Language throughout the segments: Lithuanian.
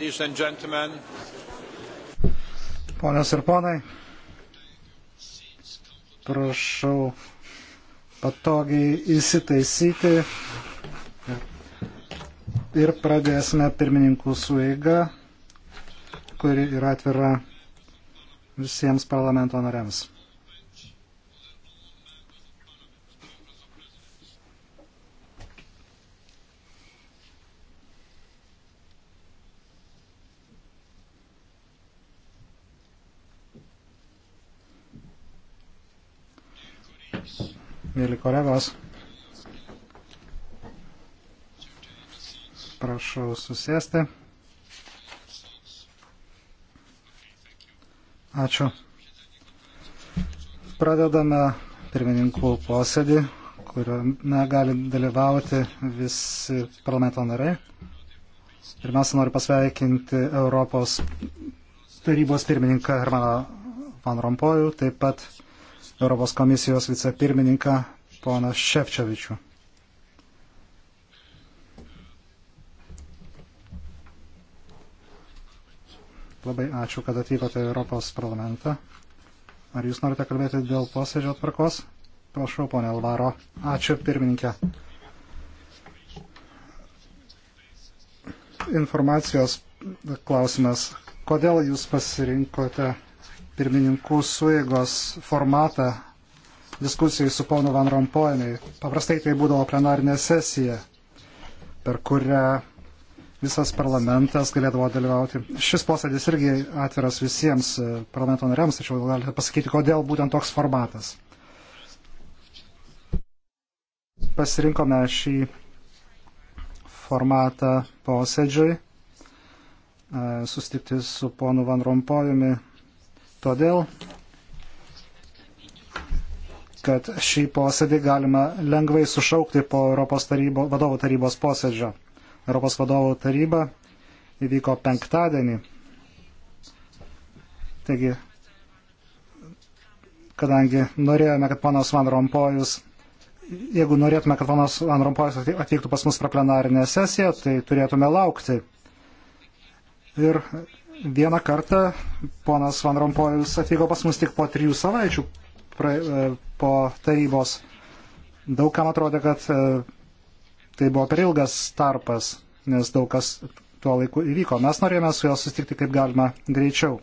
ladies and gentlemen. Ponios ir ponai, prašau patogiai įsitaisyti ir pradėsime pirmininkų sueigą, kuri yra atvira visiems parlamento nariams. mėly kolegos. Prašau susėsti. Ačiū. Pradedame pirmininkų posėdį, kuriame gali dalyvauti visi parlamento nariai. Pirmiausia, noriu pasveikinti Europos tarybos pirmininką Hermaną Van Rompojų, taip pat Europos komisijos vicepirmininką ponas Ševčiovičių. Labai ačiū, kad atvykote į Europos parlamentą. Ar jūs norite kalbėti dėl posėdžio tvarkos? Prašau, ponė Alvaro. Ačiū, pirmininkė. Informacijos klausimas. Kodėl jūs pasirinkote pirmininkų suėgos formatą diskusijai su ponu Van Rompojumi. Paprastai tai būdavo plenarinė sesija, per kurią visas parlamentas galėdavo dalyvauti. Šis posėdis irgi atviras visiems e, parlamento nariams, tačiau galite pasakyti, kodėl būtent toks formatas. Pasirinkome šį formatą posėdžiui, e, susitikti su ponu Van Rompojumi. Todėl, kad šį posėdį galima lengvai sušaukti po Europos tarybo, vadovų tarybos posėdžio. Europos vadovų taryba įvyko penktadienį. Taigi, kadangi norėjome, kad panas Van Rompojus, jeigu norėtume, kad panas Van Rompojus atvyktų pas mus pro plenarinę sesiją, tai turėtume laukti. Ir vieną kartą ponas Van Rompojus atvyko pas mus tik po trijų savaičių pra, e, po tarybos. Daug kam atrodė, kad e, tai buvo per ilgas tarpas, nes daug kas tuo laiku įvyko. Mes norėjome su juo susitikti kaip galima greičiau.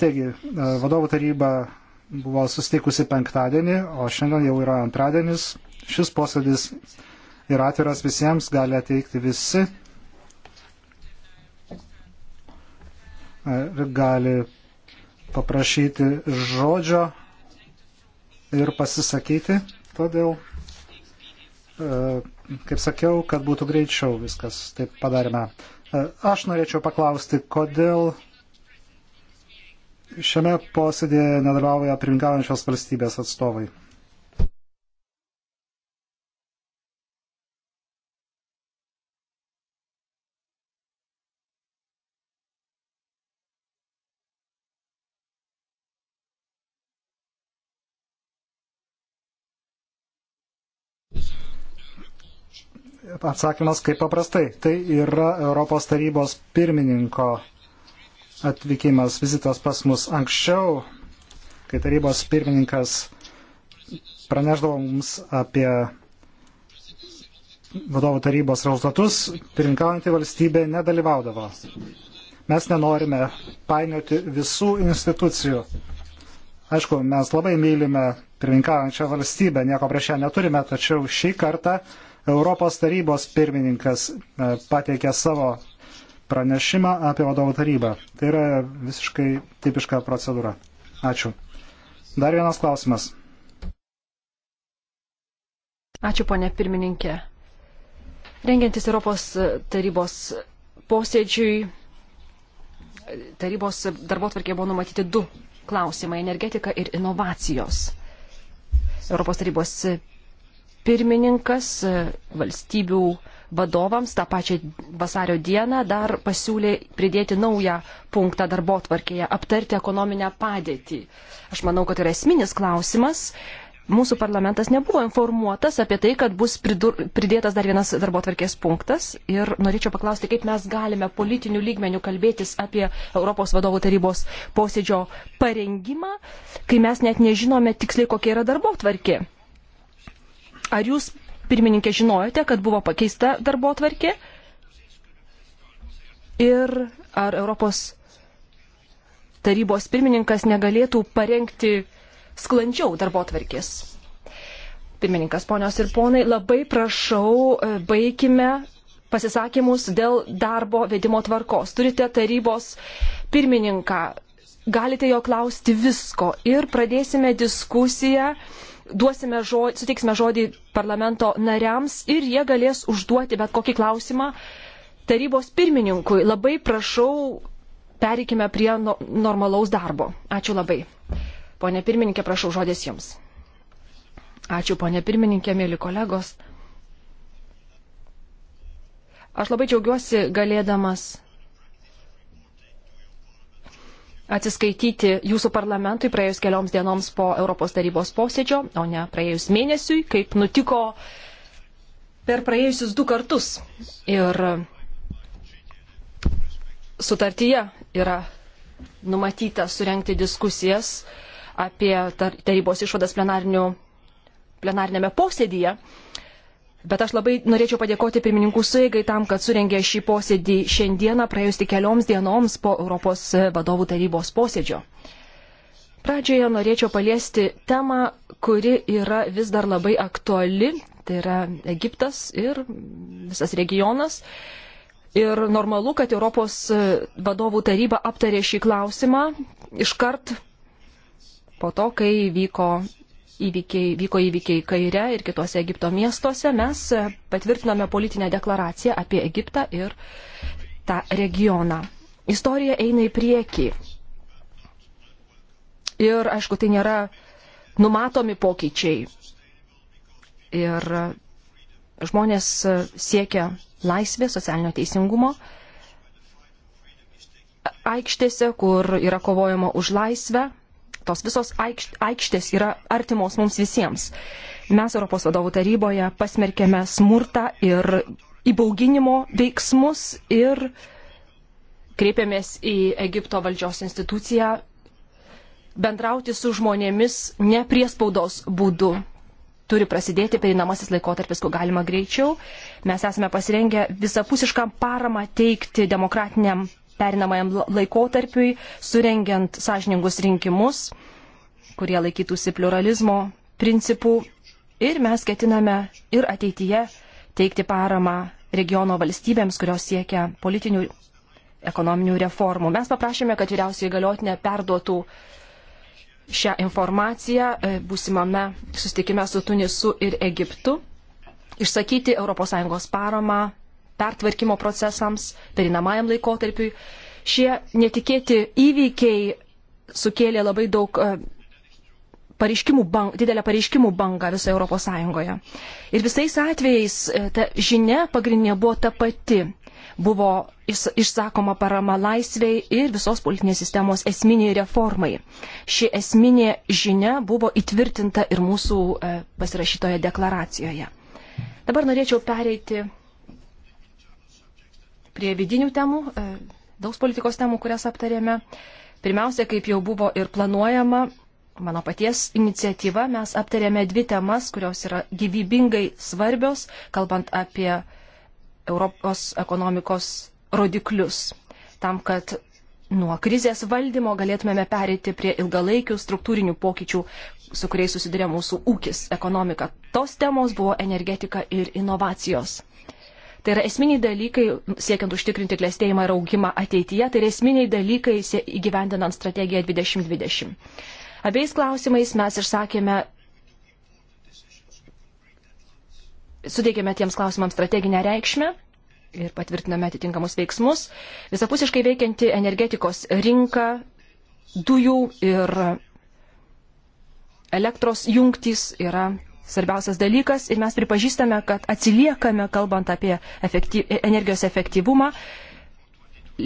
Taigi, e, vadovų taryba buvo susitikusi penktadienį, o šiandien jau yra antradienis. Šis posėdis yra atviras visiems, gali ateikti visi. Gali paprašyti žodžio ir pasisakyti, todėl, e, kaip sakiau, kad būtų greičiau viskas, taip padarėme. E, aš norėčiau paklausti, kodėl šiame posėdėje nedalyvauja pirmininkaujančios valstybės atstovai. atsakymas kaip paprastai. Tai yra Europos tarybos pirmininko atvykimas, vizitas pas mus anksčiau, kai tarybos pirmininkas praneždavo mums apie vadovų tarybos rezultatus, pirinkaujantį valstybę nedalyvaudavo. Mes nenorime painioti visų institucijų. Aišku, mes labai mylime pirinkaujančią valstybę, nieko prieš ją neturime, tačiau šį kartą Europos tarybos pirmininkas e, pateikė savo pranešimą apie vadovų tarybą. Tai yra visiškai tipiška procedūra. Ačiū. Dar vienas klausimas. Ačiū, ponė pirmininkė. Rengiantis Europos tarybos posėdžiui, tarybos darbo tvarkė buvo numatyti du klausimai - energetika ir inovacijos. Europos tarybos pirmininkas valstybių vadovams tą pačią vasario dieną dar pasiūlė pridėti naują punktą darbo tvarkėje - aptarti ekonominę padėtį. Aš manau, kad tai yra esminis klausimas. Mūsų parlamentas nebuvo informuotas apie tai, kad bus pridur, pridėtas dar vienas darbo tvarkės punktas ir norėčiau paklausti, kaip mes galime politinių lygmenių kalbėtis apie Europos vadovų tarybos posėdžio parengimą, kai mes net nežinome tiksliai, kokia yra darbo tvarkė. Ar jūs, pirmininkė, žinojote, kad buvo pakeista darbo tvarkė? Ir ar Europos tarybos pirmininkas negalėtų parengti sklandžiau darbo tvarkės? Pirmininkas, ponios ir ponai, labai prašau, e, baigime pasisakymus dėl darbo vedimo tvarkos. Turite tarybos pirmininką, galite jo klausti visko ir pradėsime diskusiją duosime žodį, suteiksime žodį parlamento nariams ir jie galės užduoti bet kokį klausimą tarybos pirmininkui. Labai prašau, pereikime prie no, normalaus darbo. Ačiū labai. Pone pirmininkė, prašau žodės jums. Ačiū, ponė pirmininkė, mėly kolegos. Aš labai džiaugiuosi galėdamas atsiskaityti jūsų parlamentui praėjus kelioms dienoms po Europos tarybos posėdžio, o ne praėjus mėnesiui, kaip nutiko per praėjusius du kartus. Ir sutartyje yra numatyta surenkti diskusijas apie tarybos išvadas plenarinėme posėdyje. Bet aš labai norėčiau padėkoti pirmininkų suėgai tam, kad surengė šį posėdį šiandieną, praėjus tik kelioms dienoms po Europos vadovų tarybos posėdžio. Pradžioje norėčiau paliesti temą, kuri yra vis dar labai aktuali, tai yra Egiptas ir visas regionas. Ir normalu, kad Europos vadovų taryba aptarė šį klausimą iškart po to, kai vyko įvykiai, vyko įvykiai Kaire ir kitose Egipto miestuose, mes e, patvirtinome politinę deklaraciją apie Egiptą ir tą regioną. Istorija eina į priekį. Ir, aišku, tai nėra numatomi pokyčiai. Ir e, žmonės e, siekia laisvės, socialinio teisingumo. Aikštėse, kur yra kovojama už laisvę, tos visos aikštės yra artimos mums visiems. Mes Europos vadovų taryboje pasmerkėme smurtą ir įbauginimo veiksmus ir kreipėmės į Egipto valdžios instituciją bendrauti su žmonėmis ne priespaudos būdu. Turi prasidėti perinamasis laikotarpis, kuo galima greičiau. Mes esame pasirengę visapusiškam paramą teikti demokratiniam perinamajam laikotarpiui, surengiant sąžiningus rinkimus, kurie laikytųsi pluralizmo principų. Ir mes ketiname ir ateityje teikti paramą regiono valstybėms, kurios siekia politinių ekonominių reformų. Mes paprašėme, kad vyriausiai galiotinė perduotų šią informaciją e, būsimame sustikime su Tunisu ir Egiptu, išsakyti ES paramą pertvarkymo procesams, perinamajam laikotarpiui. Šie netikėti įvykiai sukėlė labai daug e, pareiškimų bang, didelę pareiškimų bangą visoje Europos Sąjungoje. Ir visais atvejais e, ta žinia pagrindinė buvo ta pati. Buvo išsakoma parama laisviai ir visos politinės sistemos esminiai reformai. Ši esminė žinia buvo įtvirtinta ir mūsų e, pasirašytoje deklaracijoje. Dabar norėčiau pereiti prie vidinių temų, e, daug politikos temų, kurias aptarėme. Pirmiausia, kaip jau buvo ir planuojama, mano paties iniciatyva, mes aptarėme dvi temas, kurios yra gyvybingai svarbios, kalbant apie Europos ekonomikos rodiklius, tam, kad nuo krizės valdymo galėtumėme perėti prie ilgalaikių struktūrinių pokyčių, su kuriais susiduria mūsų ūkis, ekonomika. Tos temos buvo energetika ir inovacijos. Tai yra esminiai dalykai, siekiant užtikrinti klėstėjimą ir augimą ateityje, tai yra esminiai dalykai įgyvendinant strategiją 2020. Abiais klausimais mes išsakėme, suteikėme tiems klausimams strateginę reikšmę ir patvirtiname atitinkamus veiksmus. Visapusiškai veikianti energetikos rinka, dujų ir elektros jungtys yra svarbiausias dalykas ir mes pripažįstame, kad atsiliekame, kalbant apie efektyv, energijos efektyvumą,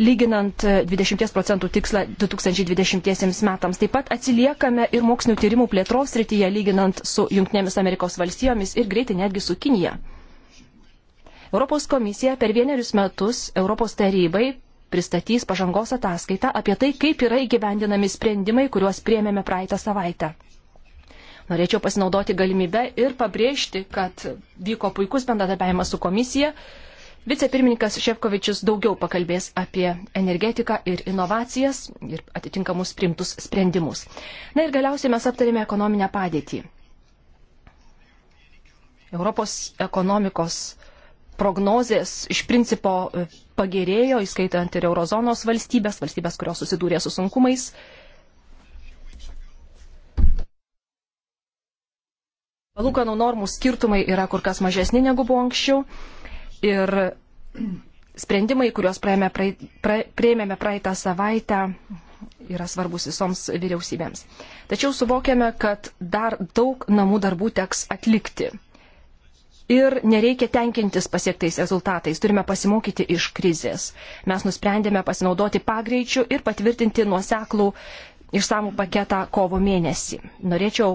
lyginant 20 e, procentų tikslą 2020 metams. Taip pat atsiliekame ir mokslinių tyrimų plėtros srityje, lyginant su Junktinėmis Amerikos valstijomis ir greitai netgi su Kinija. Europos komisija per vienerius metus Europos tarybai pristatys pažangos ataskaitą apie tai, kaip yra įgyvendinami sprendimai, kuriuos priemėme praeitą savaitę. Norėčiau pasinaudoti galimybę ir pabrėžti, kad vyko puikus bendradarbiavimas su komisija. Vicepirmininkas Šefkovičius daugiau pakalbės apie energetiką ir inovacijas ir atitinkamus primtus sprendimus. Na ir galiausiai mes aptarėme ekonominę padėtį. Europos ekonomikos prognozės iš principo e, pagerėjo, įskaitant ir eurozonos valstybės, valstybės, kurios susidūrė su sunkumais palūkanų normų skirtumai yra kur kas mažesni negu buvo anksčiau. Ir sprendimai, kuriuos praėmė, pra, prieėmėme praeitą savaitę, yra svarbus visoms vyriausybėms. Tačiau suvokiame, kad dar daug namų darbų teks atlikti. Ir nereikia tenkintis pasiektais rezultatais, turime pasimokyti iš krizės. Mes nusprendėme pasinaudoti pagreičiu ir patvirtinti nuoseklų išsamų paketą kovo mėnesį. Norėčiau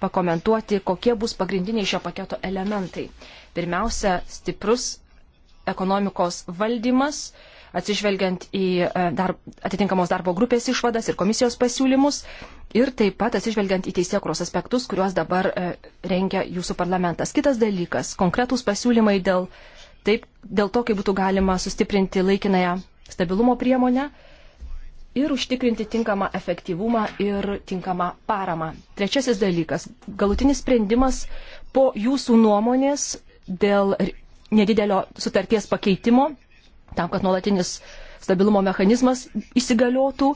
pakomentuoti, kokie bus pagrindiniai šio paketo elementai. Pirmiausia, stiprus ekonomikos valdymas, atsižvelgiant į e, dar, atitinkamos darbo grupės išvadas ir komisijos pasiūlymus ir taip pat atsižvelgiant į teisėkros aspektus, kuriuos dabar e, rengia jūsų parlamentas. Kitas dalykas - konkretūs pasiūlymai dėl, taip, dėl to, kaip būtų galima sustiprinti laikinąją stabilumo priemonę ir užtikrinti tinkamą efektyvumą ir tinkamą paramą. Trečiasis dalykas - galutinis sprendimas po jūsų nuomonės dėl nedidelio sutarties pakeitimo, tam, kad nuolatinis stabilumo mechanizmas įsigaliotų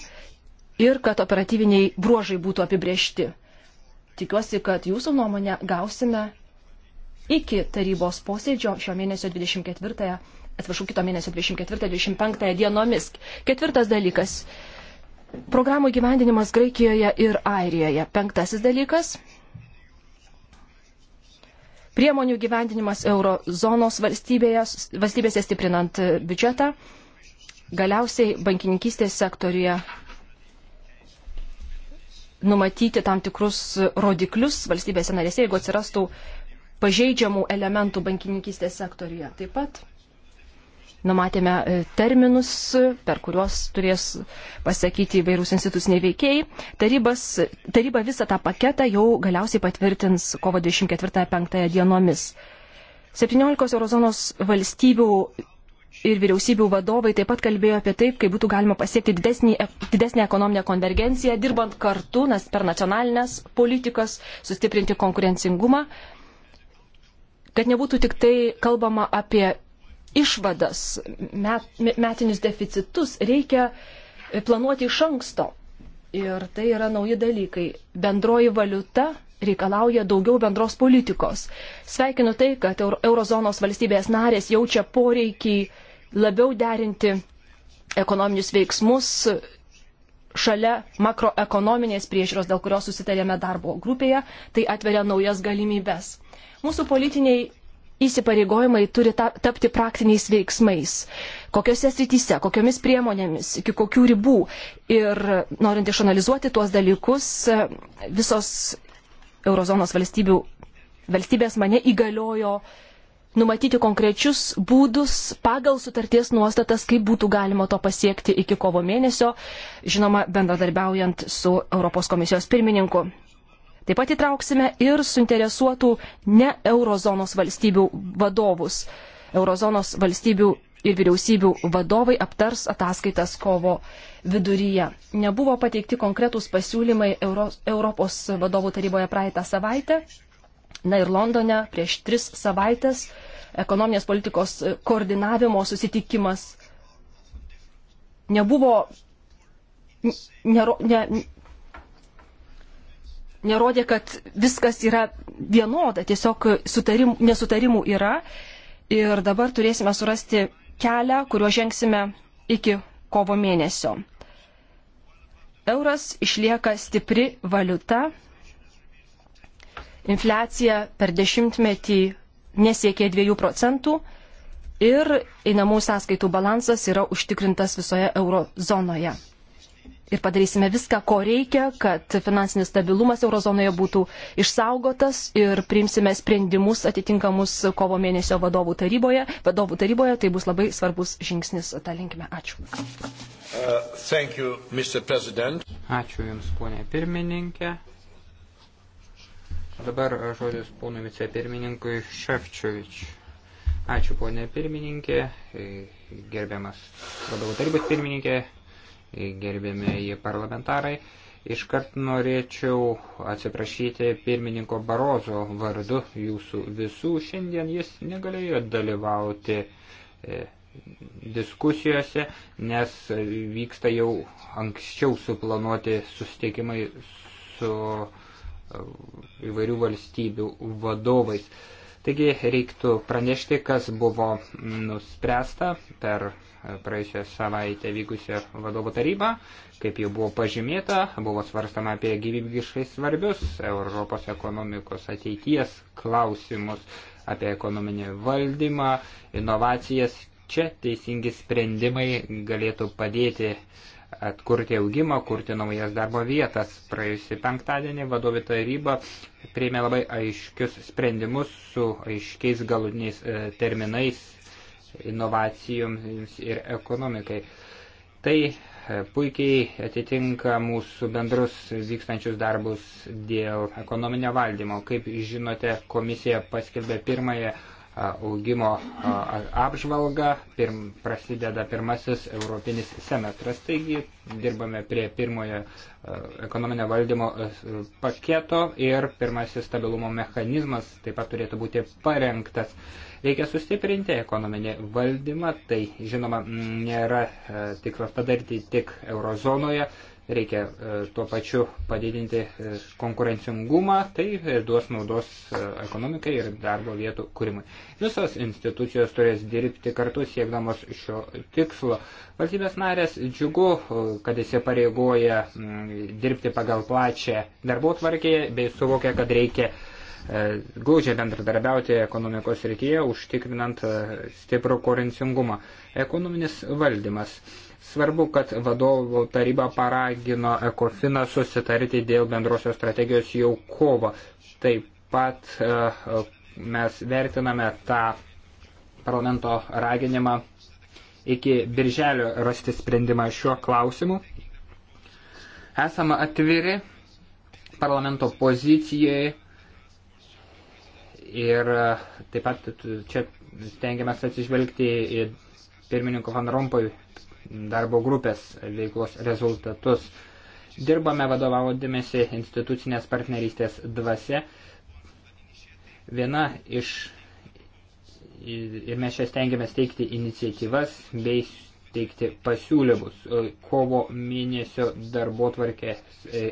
ir kad operatyviniai bruožai būtų apibriešti. Tikiuosi, kad jūsų nuomonę gausime iki tarybos posėdžio šio mėnesio 24-ąją, atsiprašau, kito mėnesio 24-25-ąją dienomis. Ketvirtas dalykas Programų gyvendinimas Graikijoje ir Airijoje. Penktasis dalykas. Priemonių gyvendinimas eurozonos valstybėse stiprinant biudžetą. Galiausiai bankininkystės sektorija numatyti tam tikrus rodiklius valstybėse narėse, jeigu atsirastų pažeidžiamų elementų bankininkystės sektorija. Taip pat numatėme e, terminus, per kuriuos turės pasakyti įvairūs instituciniai veikiai. Tarybas, taryba visą tą paketą jau galiausiai patvirtins kovo 24-5 dienomis. 17 eurozonos valstybių ir vyriausybių vadovai taip pat kalbėjo apie taip, kaip būtų galima pasiekti didesnį, didesnį ekonominę konvergenciją, dirbant kartu nes per nacionalinės politikas, sustiprinti konkurencingumą, kad nebūtų tik tai kalbama apie išvadas, met, metinius deficitus reikia planuoti iš anksto. Ir tai yra nauji dalykai. Bendroji valiuta reikalauja daugiau bendros politikos. Sveikinu tai, kad eurozonos valstybės narės jaučia poreikį labiau derinti ekonominius veiksmus šalia makroekonominės priežiūros, dėl kurios susitarėme darbo grupėje, tai atveria naujas galimybes. Mūsų politiniai įsipareigojimai turi ta, tapti praktiniais veiksmais. Kokiose srityse, kokiomis priemonėmis, iki kokių ribų. Ir norint išanalizuoti tuos dalykus, visos Eurozonos valstybių, valstybės mane įgaliojo numatyti konkrečius būdus pagal sutarties nuostatas, kaip būtų galima to pasiekti iki kovo mėnesio, žinoma, bendradarbiaujant su Europos komisijos pirmininku. Taip pat įtrauksime ir suinteresuotų ne eurozonos valstybių vadovus. Eurozonos valstybių ir vyriausybių vadovai aptars ataskaitas kovo viduryje. Nebuvo pateikti konkretūs pasiūlymai Euro, Europos vadovų taryboje praeitą savaitę. Na ir Londone prieš tris savaitės ekonominės politikos koordinavimo susitikimas nebuvo, ne, ne, nerodė, kad viskas yra vienoda, tiesiog sutarim, nesutarimų yra ir dabar turėsime surasti kelią, kuriuo žengsime iki kovo mėnesio. Euras išlieka stipri valiuta, infliacija per dešimtmetį nesiekė 2 procentų ir einamų sąskaitų balansas yra užtikrintas visoje eurozonoje ir padarysime viską, ko reikia, kad finansinis stabilumas eurozonoje būtų išsaugotas ir priimsime sprendimus atitinkamus kovo mėnesio vadovų taryboje. Vadovų taryboje tai bus labai svarbus žingsnis tą linkime. Ačiū. Uh, you, Ačiū Jums, ponė pirmininkė. Dabar žodis ponui vicepirmininkui Šefčiovič. Ačiū ponė pirmininkė, gerbiamas vadovų tarybos pirmininkė, gerbėmėjai parlamentarai. Iškart norėčiau atsiprašyti pirmininko Barozo vardu jūsų visų. Šiandien jis negalėjo dalyvauti e, diskusijose, nes vyksta jau anksčiau suplanuoti susitikimai su e, įvairių valstybių vadovais. Taigi reiktų pranešti, kas buvo nuspręsta per praėjusią savaitę vykusią vadovų tarybą. Kaip jau buvo pažymėta, buvo svarstama apie gyvybiškai svarbius Europos ekonomikos ateities klausimus, apie ekonominį valdymą, inovacijas. Čia teisingi sprendimai galėtų padėti atkurti augimą, kurti naujas darbo vietas. Praėjusį penktadienį vadovė taryba prieimė labai aiškius sprendimus su aiškiais galutiniais e, terminais inovacijoms ir ekonomikai. Tai e, puikiai atitinka mūsų bendrus vykstančius darbus dėl ekonominio valdymo. Kaip žinote, komisija paskelbė pirmąją augimo apžvalgą. Pirm, prasideda pirmasis europinis semestras, taigi dirbame prie pirmojo ekonominio valdymo paketo ir pirmasis stabilumo mechanizmas taip pat turėtų būti parengtas. Reikia sustiprinti ekonominį valdymą, tai žinoma nėra tikslas padaryti tik eurozonoje, reikia e, tuo pačiu padidinti e, konkurencingumą, tai e, duos naudos ekonomikai ir darbo vietų kūrimui. Visos institucijos turės dirbti kartu siekdamos šio tikslo. Valstybės narės džiugu, kad įsipareigoja mm, dirbti pagal plačią darbo tvarkėje bei suvokia, kad reikia glaudžiai bendradarbiauti ekonomikos rytyje, užtikrinant stiprų korencingumą. Ekonominis valdymas. Svarbu, kad vadovų taryba paragino Ekofiną susitarti dėl bendrosios strategijos jau kovo. Taip pat e, mes vertiname tą parlamento raginimą iki birželio rasti sprendimą šiuo klausimu. Esame atviri parlamento pozicijai ir e, taip pat čia stengiamės atsižvelgti į pirmininko Van Rompoj darbo grupės veiklos rezultatus. Dirbame vadovaudamėsi institucinės partnerystės dvasia. Viena iš ir mes čia stengiamės teikti iniciatyvas bei teikti pasiūlymus. Kovo mėnesio darbo tvarkė e,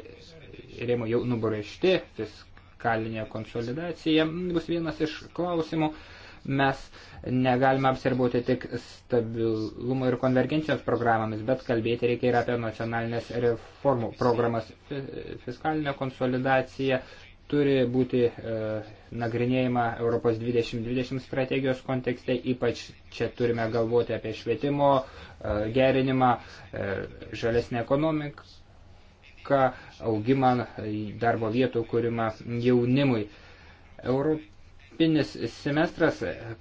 rėmų jau nubrėžti, fiskalinė konsolidacija bus vienas iš klausimų mes negalime apsirbuoti tik stabilumo ir konvergencijos programomis, bet kalbėti reikia ir apie nacionalinės reformų programas. Fiskalinė konsolidacija turi būti e, nagrinėjama Europos 2020 strategijos kontekste, ypač čia turime galvoti apie švietimo e, gerinimą, e, žalesnę ekonomiką, augimą darbo vietų kūrimą jaunimui. Europ Europinis semestras,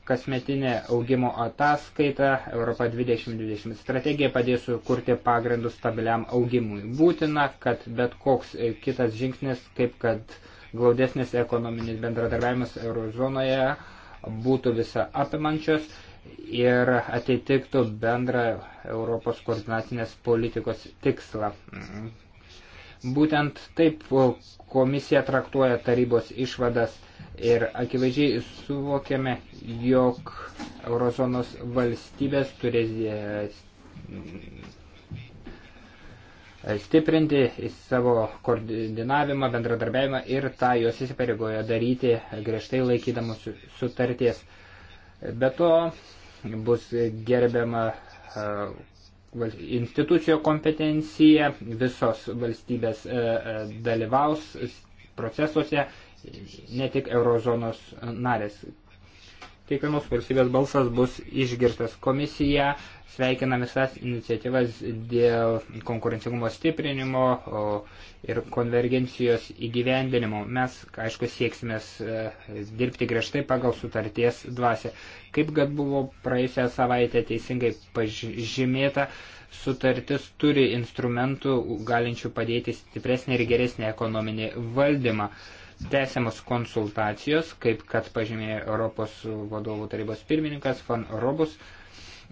kasmetinė augimo ataskaita, Europa 2020 strategija padės sukurti pagrindus stabiliam augimui. Būtina, kad bet koks kitas žingsnis, kaip kad glaudesnis ekonominis bendradarbiavimas eurozonoje, būtų visa apimančios ir atitiktų bendrą Europos koordinacinės politikos tikslą. Būtent taip komisija traktuoja tarybos išvadas Ir akivaizdžiai suvokiame, jog eurozonos valstybės turės stiprinti savo koordinavimą, bendradarbiavimą ir tą jos įsipareigoja daryti griežtai laikydamus sutarties. Be to bus gerbiama e, institucijų kompetencija, visos valstybės e, e, dalyvaus procesuose ne tik eurozonos narės. Kiekvienos valstybės balsas bus išgirtas komisija, sveikina visas iniciatyvas dėl konkurencingumo stiprinimo ir konvergencijos įgyvendinimo. Mes, aišku, sieksime e, dirbti griežtai pagal sutarties dvasę. Kaip kad buvo praėjusią savaitę teisingai pažymėta, sutartis turi instrumentų galinčių padėti stipresnį ir geresnį ekonominį valdymą. Uh, tęsiamas konsultacijos, kaip kad pažymėjo Europos vadovų tarybos pirmininkas Van Robus.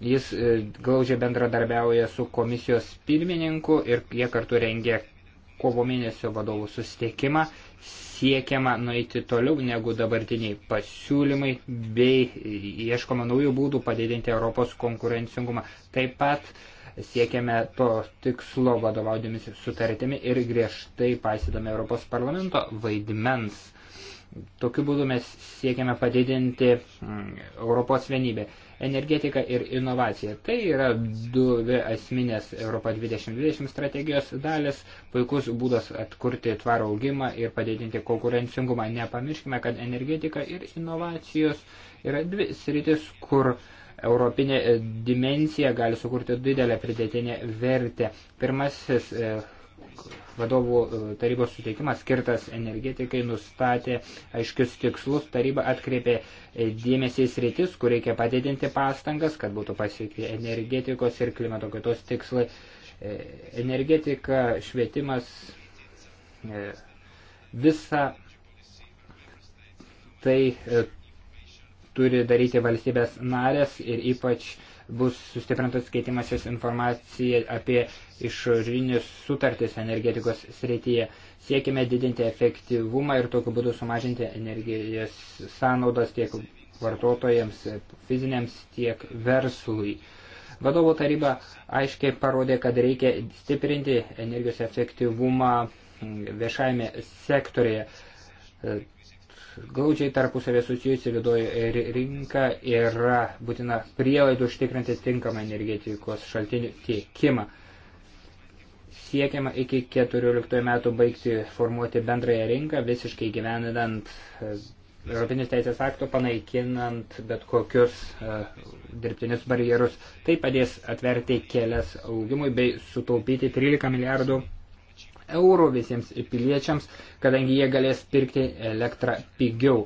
Jis e, glaudžiai bendradarbiauja su komisijos pirmininku ir jie kartu rengia kovo mėnesio vadovų susitikimą. Siekiama nueiti toliau negu dabartiniai pasiūlymai bei ieškoma naujų būdų padidinti Europos konkurencingumą. Taip pat uh, siekiame to tikslo vadovaudėmis sutartimi ir griežtai paisydami Europos parlamento vaidmens. Tokiu būdu mes siekiame padidinti mm, Europos vienybę. Energetika ir inovacija. Tai yra du asminės Europa 2020 strategijos dalis, puikus būdas atkurti tvarą augimą ir padidinti konkurencingumą. Nepamirškime, kad energetika ir inovacijos yra dvi sritis, kur uh, europinė e, dimensija gali sukurti didelę pridėtinę vertę. Pirmasis e, vadovų e, tarybos suteikimas skirtas energetikai nustatė aiškius tikslus, taryba atkreipė dėmesį į sritis, kur reikia padidinti pastangas, kad būtų pasiekti energetikos ir klimato kaitos tikslai. Energetika, švietimas, visa tai turi daryti valstybės narės ir ypač bus sustiprintas keitimasis informacija apie išorinius sutartis energetikos srityje. Siekime didinti efektyvumą ir tokiu būdu sumažinti energijos sąnaudas tiek vartotojams, fiziniams, tiek verslui. Vadovų taryba aiškiai parodė, kad reikia stiprinti energijos efektyvumą viešajame sektorėje. Glaudžiai tarpusavė susijusi vidoji rinka yra būtina prielaidų užtikrinti tinkamą energetikos šaltinių tiekimą. Siekiama iki 14 metų baigti formuoti bendrąją rinką, visiškai gyvenant e, Europinės teisės aktų, panaikinant bet kokius uh, dirbtinius barjerus. Tai padės atverti kelias augimui bei sutaupyti 13 milijardų eurų visiems piliečiams, kadangi jie galės pirkti elektrą pigiau.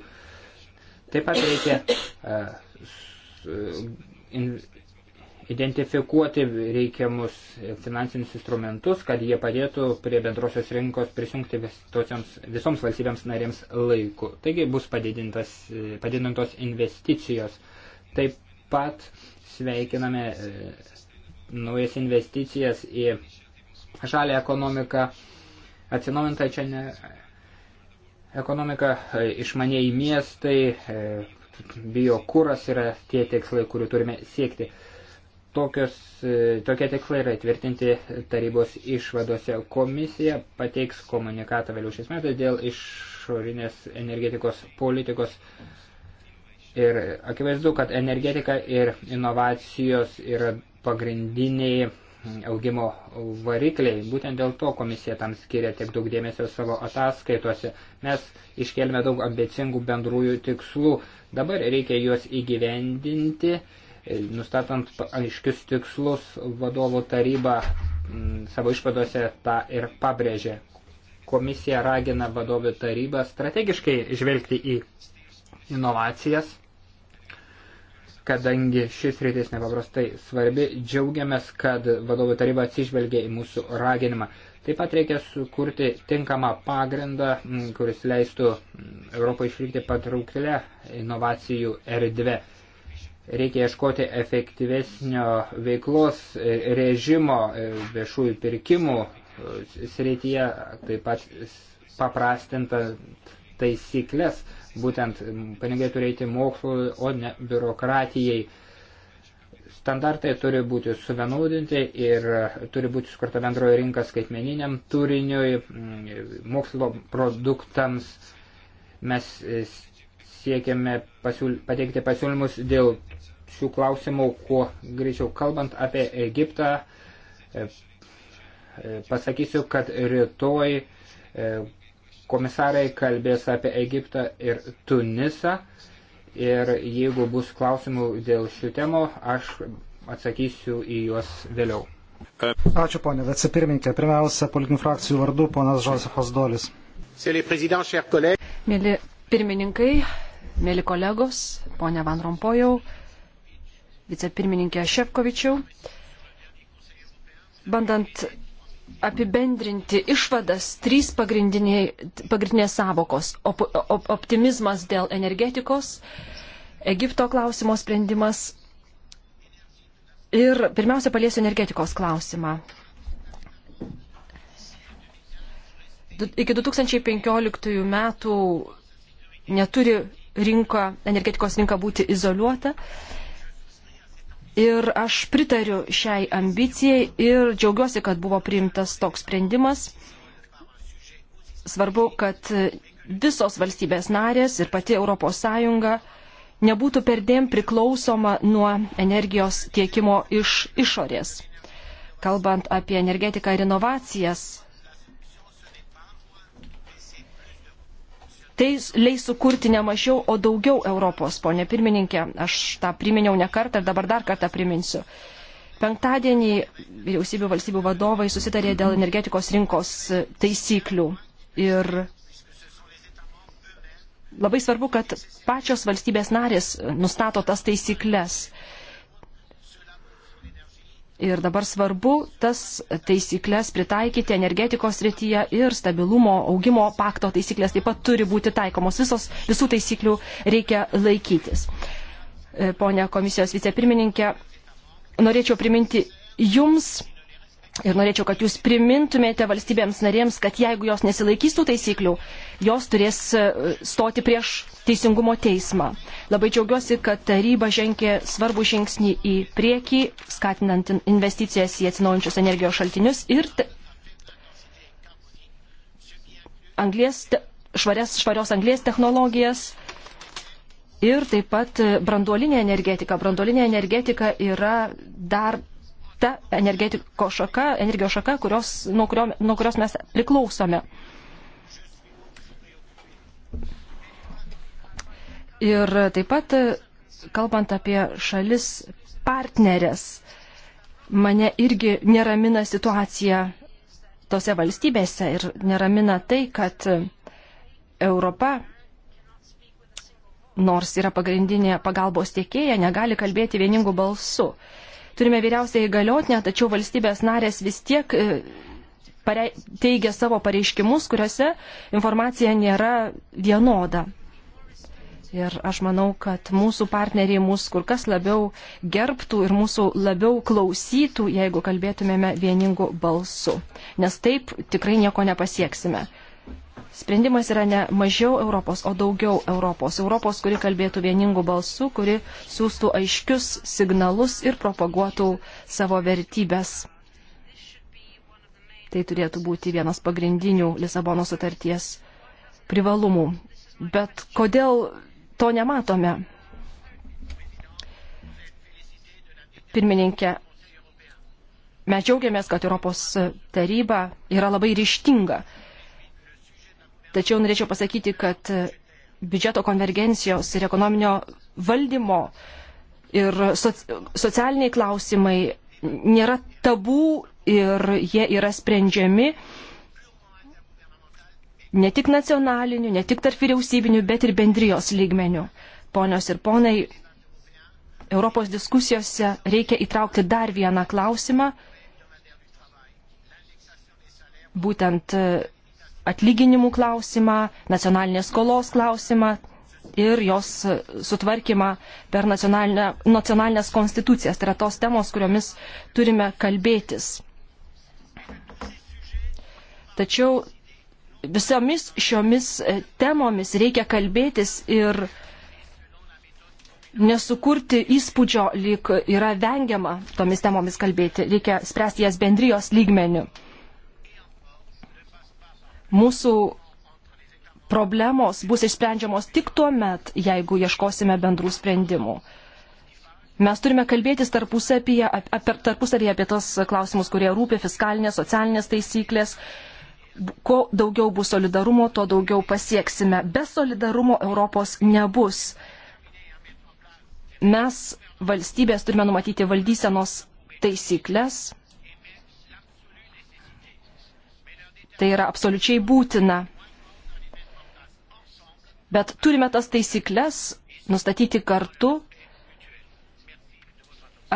Taip pat reikia uh, in, identifikuoti reikiamus finansinius instrumentus, kad jie padėtų prie bendrosios rinkos prisijungti vis, tosiams, visoms valstybėms narėms laiku. Taigi bus e, padidintos investicijos. Taip pat sveikiname e, naujas investicijas į žalę ekonomiką, Atsinaujinta čia ne, ekonomika, e, išmaniai miestai, e, biokūras yra tie tikslai, kurių turime siekti. Tokios, e, tokie tikslai yra įtvirtinti tarybos išvadose. Komisija pateiks komunikatą vėliau šiais metais dėl išorinės energetikos politikos. Ir akivaizdu, kad energetika ir inovacijos yra pagrindiniai augimo varikliai. Būtent dėl to komisija tam skiria tiek daug dėmesio savo ataskaitose. Mes iškelme daug ambicingų bendrųjų tikslų. Dabar reikia juos įgyvendinti, e, nustatant aiškius tikslus. Vadovų taryba m, mm, savo išvadose tą ir pabrėžė. Komisija ragina vadovų tarybą strategiškai žvelgti į inovacijas kadangi šis rytis nepaprastai svarbi, džiaugiamės, kad vadovų taryba atsižvelgia į mūsų raginimą. Taip pat reikia sukurti tinkamą pagrindą, kuris leistų Europai išlikti patrauklę inovacijų erdvę. Reikia ieškoti efektyvesnio veiklos e, režimo e, viešųjų pirkimų e, srityje, taip pat paprastinta taisyklės Būtent pinigai turi eiti mokslui, o ne biurokratijai. Standartai turi būti suvienodinti ir turi būti sukurta bendroji rinka skaitmeniniam turiniui, mokslo produktams. Mes e, siekiame pasiūl pateikti pasiūlymus dėl šių klausimų, kuo greičiau kalbant apie Egiptą, e, e, pasakysiu, kad rytoj Komisarai kalbės apie Egiptą ir Tunisą. Ir jeigu bus klausimų dėl šių temų, aš atsakysiu į juos vėliau. Ačiū, ponė vicepirmininkė. Pirmiausia, politinių frakcijų vardu, ponas Žosefas Dolis. Mėly pirmininkai, mėly kolegos, ponė Van Rompojau, vicepirmininkė Šefkovičiau, bandant apibendrinti išvadas trys pagrindinės savokos op, op, - optimizmas dėl energetikos, Egipto klausimo sprendimas ir pirmiausia paliesiu energetikos klausimą. Iki 2015 metų neturi rinka, energetikos rinka būti izoliuota Ir aš pritariu šiai ambicijai ir džiaugiuosi, kad buvo priimtas toks sprendimas. Svarbu, kad visos valstybės narės ir pati ES nebūtų perdėm priklausoma nuo energijos tiekimo iš išorės. Kalbant apie energetiką ir inovacijas, tai leis sukurti ne mažiau, o daugiau Europos, ponė pirmininkė. Aš tą priminiau ne kartą ir dabar dar kartą priminsiu. Penktadienį vyriausybių valstybių vadovai susitarė dėl energetikos rinkos taisyklių ir labai svarbu, kad pačios valstybės narės nustato tas taisyklės. Ir dabar svarbu tas taisyklės pritaikyti energetikos srityje ir stabilumo augimo pakto taisyklės taip pat turi būti taikomos. Visos, visų taisyklių reikia laikytis. E, Pone komisijos vicepirmininkė, norėčiau priminti jums Ir norėčiau, kad jūs primintumėte valstybėms narėms, kad jeigu jos nesilaikys tų taisyklių, jos turės e, stoti prieš teisingumo teismą. Labai džiaugiuosi, kad taryba žengė svarbų žingsnį į priekį, skatinant investicijas į atsinaujančius energijos šaltinius ir anglės, švarės, švarios anglės technologijas. Ir taip pat branduolinė energetika. Branduolinė energetika yra dar ta energetikos šaka, energijos šaka, kurios, nuo, kurio, nuo kurios mes priklausome. Ir taip pat, kalbant apie šalis partnerės, mane irgi neramina situacija tose valstybėse ir neramina tai, kad Europa, nors yra pagrindinė pagalbos tiekėja, negali kalbėti vieningu balsu turime vyriausiai įgaliotinę, tačiau valstybės narės vis tiek e, teigia savo pareiškimus, kuriuose informacija nėra vienoda. Ir aš manau, kad mūsų partneriai mus kur kas labiau gerbtų ir mūsų labiau klausytų, jeigu kalbėtumėme vieningu balsu. Nes taip tikrai nieko nepasieksime. Sprendimas yra ne mažiau Europos, o daugiau Europos. Europos, kuri kalbėtų vieningų balsų, kuri siūstų aiškius signalus ir propaguotų savo vertybės. Tai turėtų būti vienas pagrindinių Lisabono sutarties privalumų. Bet kodėl to nematome? Pirmininkė, mes džiaugiamės, kad Europos taryba yra labai ryštinga Tačiau norėčiau pasakyti, kad biudžeto konvergencijos ir ekonominio valdymo ir socialiniai klausimai nėra tabų ir jie yra sprendžiami ne tik nacionaliniu, ne tik tarp vyriausybiniu, bet ir bendrijos lygmeniu. Ponios ir ponai, Europos diskusijose reikia įtraukti dar vieną klausimą, būtent atlyginimų klausimą, nacionalinės skolos klausimą ir jos sutvarkymą per nacionalinę, nacionalinės konstitucijas. Tai yra tos temos, kuriomis turime kalbėtis. Tačiau visomis šiomis e, temomis reikia kalbėtis ir nesukurti įspūdžio, lyg yra vengiama tomis temomis kalbėti. Reikia spręsti jas bendrijos lygmenių mūsų problemos bus išsprendžiamos tik tuo met, jeigu ieškosime bendrų sprendimų. Mes turime kalbėtis tarpusavyje apie, tarpusavyje apie tos klausimus, kurie rūpi fiskalinės, socialinės taisyklės. Kuo daugiau bus solidarumo, tuo daugiau pasieksime. Be solidarumo Europos nebus. Mes valstybės turime numatyti valdysenos taisyklės, Tai yra absoliučiai būtina. Bet turime tas taisyklės nustatyti kartu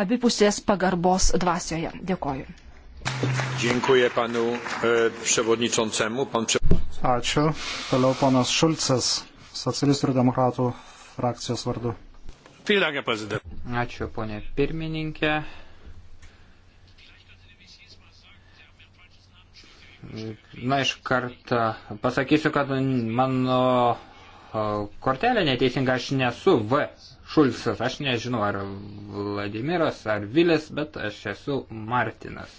abipusės pagarbos dvasioje. Dėkoju. Dziękuję panu e, przewodniczącemu. Pan... Ačiū. Toliau ponas Šulcas, socialistų ir demokratų frakcijos vardu. Ačiū, ponė pirmininkė. Na, iš karto pasakysiu, kad mano kortelė neteisinga, aš nesu V. Šulcas, aš nežinau ar Vladimiras, ar Vilis, bet aš esu Martinas.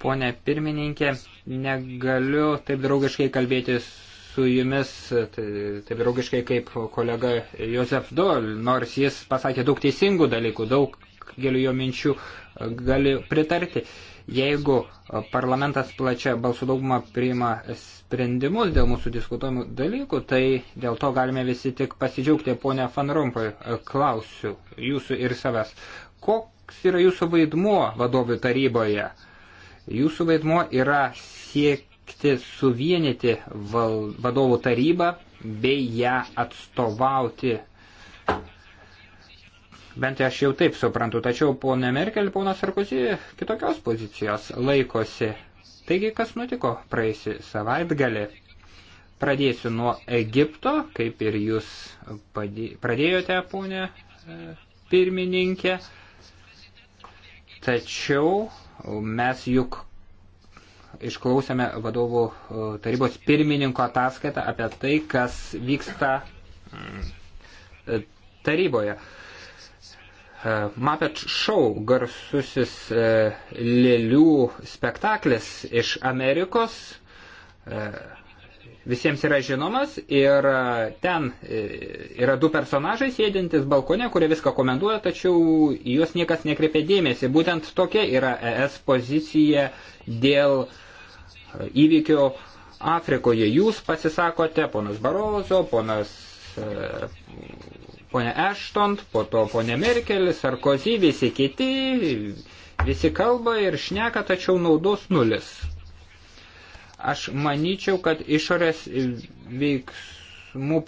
Pone pirmininkė, negaliu taip draugiškai kalbėti su jumis taip tai draugiškai kaip kolega Josef Dol, nors jis pasakė daug teisingų dalykų, daug gėlių jo minčių e, galiu pritarti. Jeigu e, parlamentas plačia balsų daugumą priima sprendimus dėl mūsų diskutuojamų dalykų, tai dėl to galime visi tik pasidžiaugti, ponia Fan Rompai, e, klausiu jūsų ir savęs. Koks yra jūsų vaidmuo vadovų taryboje? Jūsų vaidmuo yra siek siekti suvienyti val, vadovų tarybą bei ją atstovauti. Bent tai aš jau taip suprantu, tačiau ponė Merkel, ponas Sarkozy kitokios pozicijos laikosi. Taigi, kas nutiko praeisį savaitgalį? Pradėsiu nuo Egipto, kaip ir jūs pradėjote, ponė e, pirmininkė. Tačiau mes juk išklausėme vadovų e, tarybos pirmininko ataskaitą apie tai, kas vyksta e, taryboje. E, Mapet Show, garsusis lėlių spektaklis iš Amerikos, visiems yra žinomas ir ten yra du personažai sėdintis balkone, kurie viską komentuoja, tačiau juos niekas nekreipia dėmesį. Būtent tokia yra ES pozicija dėl uh, įvykio Afrikoje. Jūs pasisakote, ponas Barozo, ponas, e, ponė Eštont, po to ponė Merkelis, Sarkozy, visi kiti, visi kalba ir šneka, tačiau naudos nulis. Aš manyčiau, kad išorės veiksmų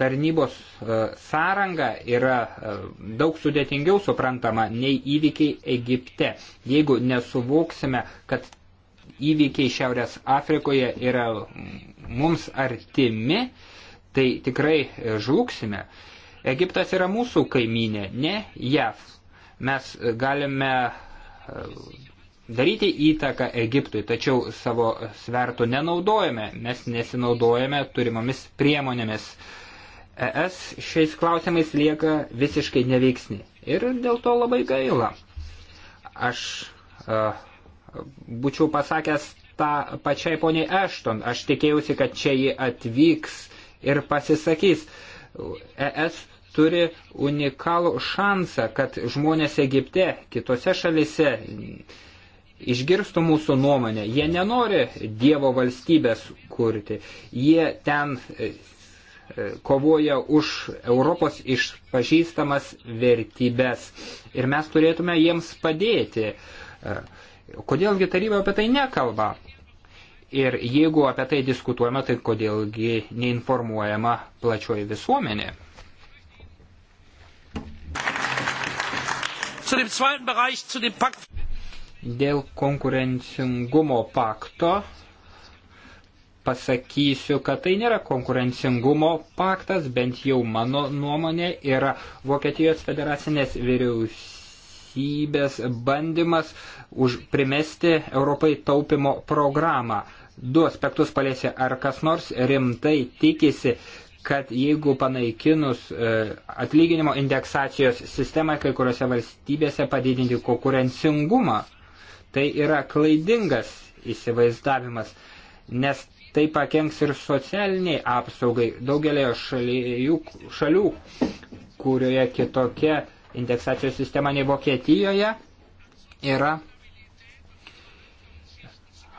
tarnybos e, sąranga yra e, daug sudėtingiau suprantama nei įvykiai Egipte. Jeigu nesuvoksime, kad įvykiai Šiaurės Afrikoje yra mums artimi, tai tikrai e, žlugsime. Egiptas yra mūsų kaiminė, ne JAV. Mes e, galime e, daryti įtaką Egiptui, tačiau savo svertų nenaudojame, mes nesinaudojame turimomis priemonėmis. ES šiais klausimais lieka visiškai neveiksni ir dėl to labai gaila. Aš uh, būčiau pasakęs tą pačiai poniai Ešton. Aš tikėjausi, kad čia ji atvyks ir pasisakys. ES turi unikalų šansą, kad žmonės Egipte, kitose šalise išgirstų mūsų nuomonę. Jie nenori Dievo valstybės kurti. Jie ten e, e, kovoja už Europos išpažįstamas vertybės. Ir mes turėtume jiems padėti. E, Kodėlgi taryba apie tai nekalba? Ir jeigu apie tai diskutuojama, tai kodėlgi neinformuojama plačioji visuomenė? Dėl konkurencingumo pakto pasakysiu, kad tai nėra konkurencingumo paktas, bent jau mano nuomonė yra Vokietijos federacinės vyriausybės vyriausybės bandymas už primesti Europai taupimo programą. Du aspektus palėsė, ar kas nors rimtai tikisi, kad jeigu panaikinus e, atlyginimo indeksacijos sistemą kai kuriuose valstybėse padidinti konkurencingumą, tai yra klaidingas įsivaizdavimas, nes tai pakenks ir socialiniai apsaugai daugelio šalių, šalių kurioje kitokia indeksacijos sistema nei Vokietijoje, yra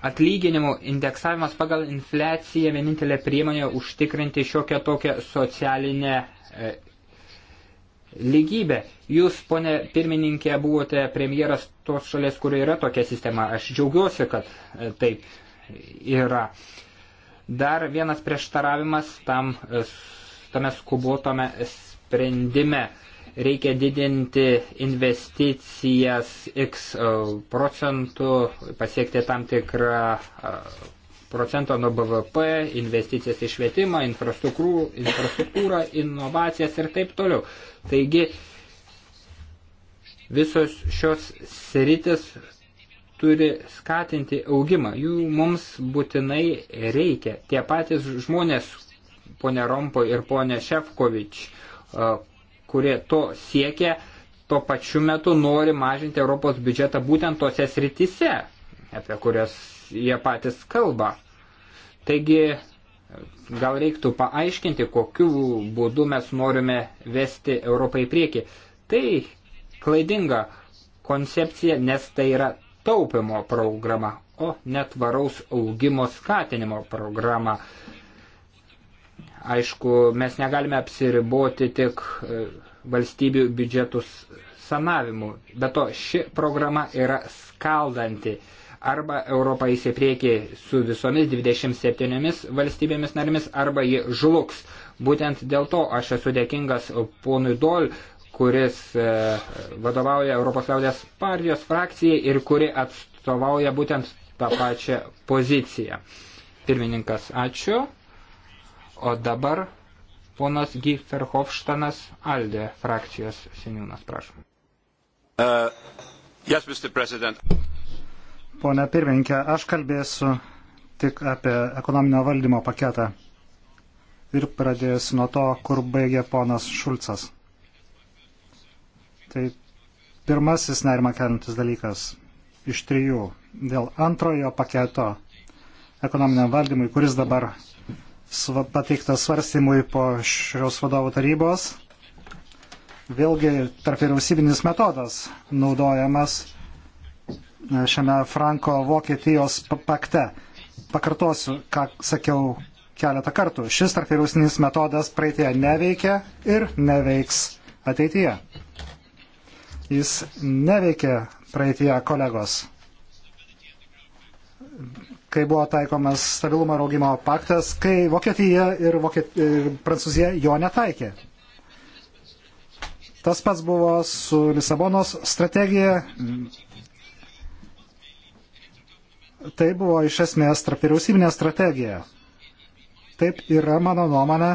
atlyginimų indeksavimas pagal infliaciją vienintelė priemonė užtikrinti šiokią tokią socialinę e, lygybę. Jūs, ponė pirmininkė, buvote premjeras tos šalies, kur yra tokia sistema. Aš džiaugiuosi, kad e, taip yra. Dar vienas prieštaravimas tam, e, tame skubotame sprendime. E, reikia didinti investicijas x e, procentų, pasiekti tam tikrą e, procentą nuo BVP, investicijas į švietimą, infrastruktūrą, inovacijas ir taip toliau. Taigi visos šios sritis turi skatinti augimą. Jų mums būtinai reikia. Tie patys žmonės, ponė Rompo ir ponė Šefkovič, e, kurie to siekia, tuo pačiu metu nori mažinti Europos biudžetą būtent tose sritise, apie kurias jie patys kalba. Taigi, gal reiktų paaiškinti, kokiu būdu mes norime vesti Europą į priekį. Tai klaidinga koncepcija, nes tai yra taupimo programa, o netvaraus augimo skatinimo programa. Aišku, mes negalime apsiriboti tik e, valstybių biudžetus sanavimu. Be to, ši programa yra skaldanti. Arba Europa įsipriekė su visomis 27 valstybėmis narimis, arba ji žlugs. Būtent dėl to aš esu dėkingas ponui Dol, kuris e, vadovauja Europos liaudės partijos frakcijai ir kuri atstovauja būtent tą pačią poziciją. Pirmininkas, ačiū. O dabar ponas Giferhofštanas Aldė, frakcijos seniūnas, prašom. Uh, yes, Pone pirmininkė, aš kalbėsiu tik apie ekonominio valdymo paketą ir pradėsiu nuo to, kur baigė ponas Šulcas. Tai pirmasis nerima kelintis dalykas iš trijų dėl antrojo paketo ekonominiam valdymui, kuris dabar pateiktas svarstymui po šios vadovų tarybos. Vėlgi tarp vyriausybinis metodas naudojamas e, šiame Franko Vokietijos pakte. Pakartosiu, ką sakiau keletą kartų. Šis tarp vyriausybinis metodas praeitie neveikia ir neveiks ateityje. Jis neveikia praeitie kolegos kai buvo taikomas stabilumo ir augimo paktas, kai Vokietija ir, Vokiet... ir Prancūzija jo netaikė. Tas pats buvo su Lisabonos strategija. Tai buvo iš esmės tarpiausybinė strategija. Taip yra mano nuomonė.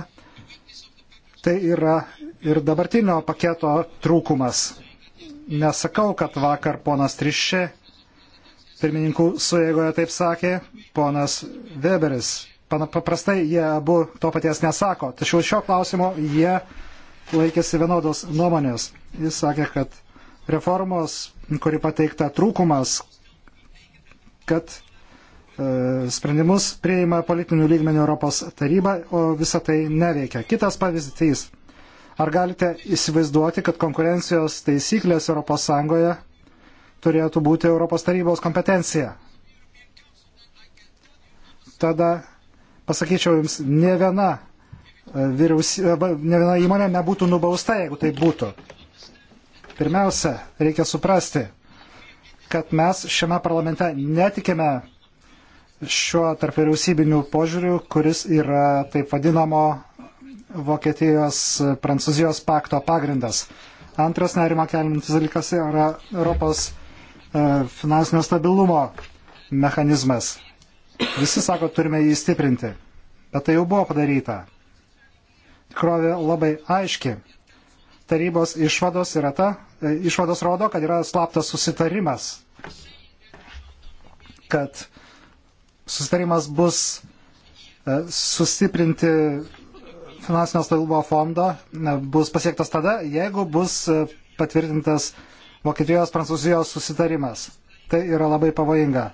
Tai yra ir dabartinio paketo trūkumas. Nesakau, kad vakar ponas Trišė pirmininkų suėgoje taip sakė ponas Weberis. Paprastai jie abu to paties nesako, tačiau šio klausimo jie laikėsi vienodos nuomonės. Jis sakė, kad reformos, kuri pateikta trūkumas, kad e, sprendimus prieima politinių lygmenių Europos taryba, o visa tai neveikia. Kitas pavyzdys. Ar galite įsivaizduoti, kad konkurencijos taisyklės ES turėtų būti Europos tarybos kompetencija. Tada pasakyčiau jums, ne viena, e, vyriausy... E, ne viena įmonė nebūtų nubausta, jeigu tai būtų. Pirmiausia, reikia suprasti, kad mes šiame parlamente netikime šiuo tarp vyriausybinių požiūrių, kuris yra taip vadinamo Vokietijos-Prancūzijos pakto pagrindas. Antras nerimo kelintis dalykas yra Europos E, finansinio stabilumo mechanizmas. Visi sako, turime jį stiprinti. Bet tai jau buvo padaryta. Tikrovė labai aiški. Tarybos išvados, yra ta, e, išvados rodo, kad yra slaptas susitarimas, kad susitarimas bus e, sustiprinti finansinio stabilumo fondą, bus pasiektas tada, jeigu bus patvirtintas uh, Vokietijos-Prancūzijos susitarimas. Tai yra labai pavojinga.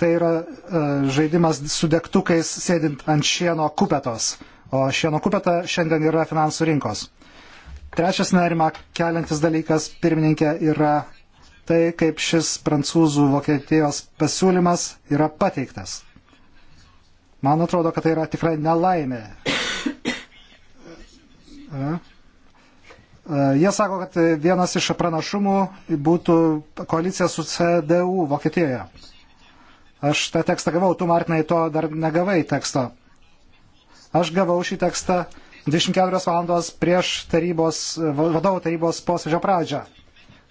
Tai yra uh, žaidimas su degtukais sėdint ant šieno kupetos, o šieno kupeta šiandien yra finansų rinkos. Trečias nerima keliantis dalykas, pirmininkė, yra tai, kaip šis prancūzų-vokietijos pasiūlymas yra pateiktas. Man atrodo, kad tai yra tikrai nelaimė. E? E, jie sako, kad vienas iš pranašumų būtų koalicija su CDU Vokietijoje. Aš tą tekstą gavau, tu, Martinai, to dar negavai teksto. Aš gavau šį tekstą 24 valandos prieš tarybos, vadovų tarybos posėdžio pradžią.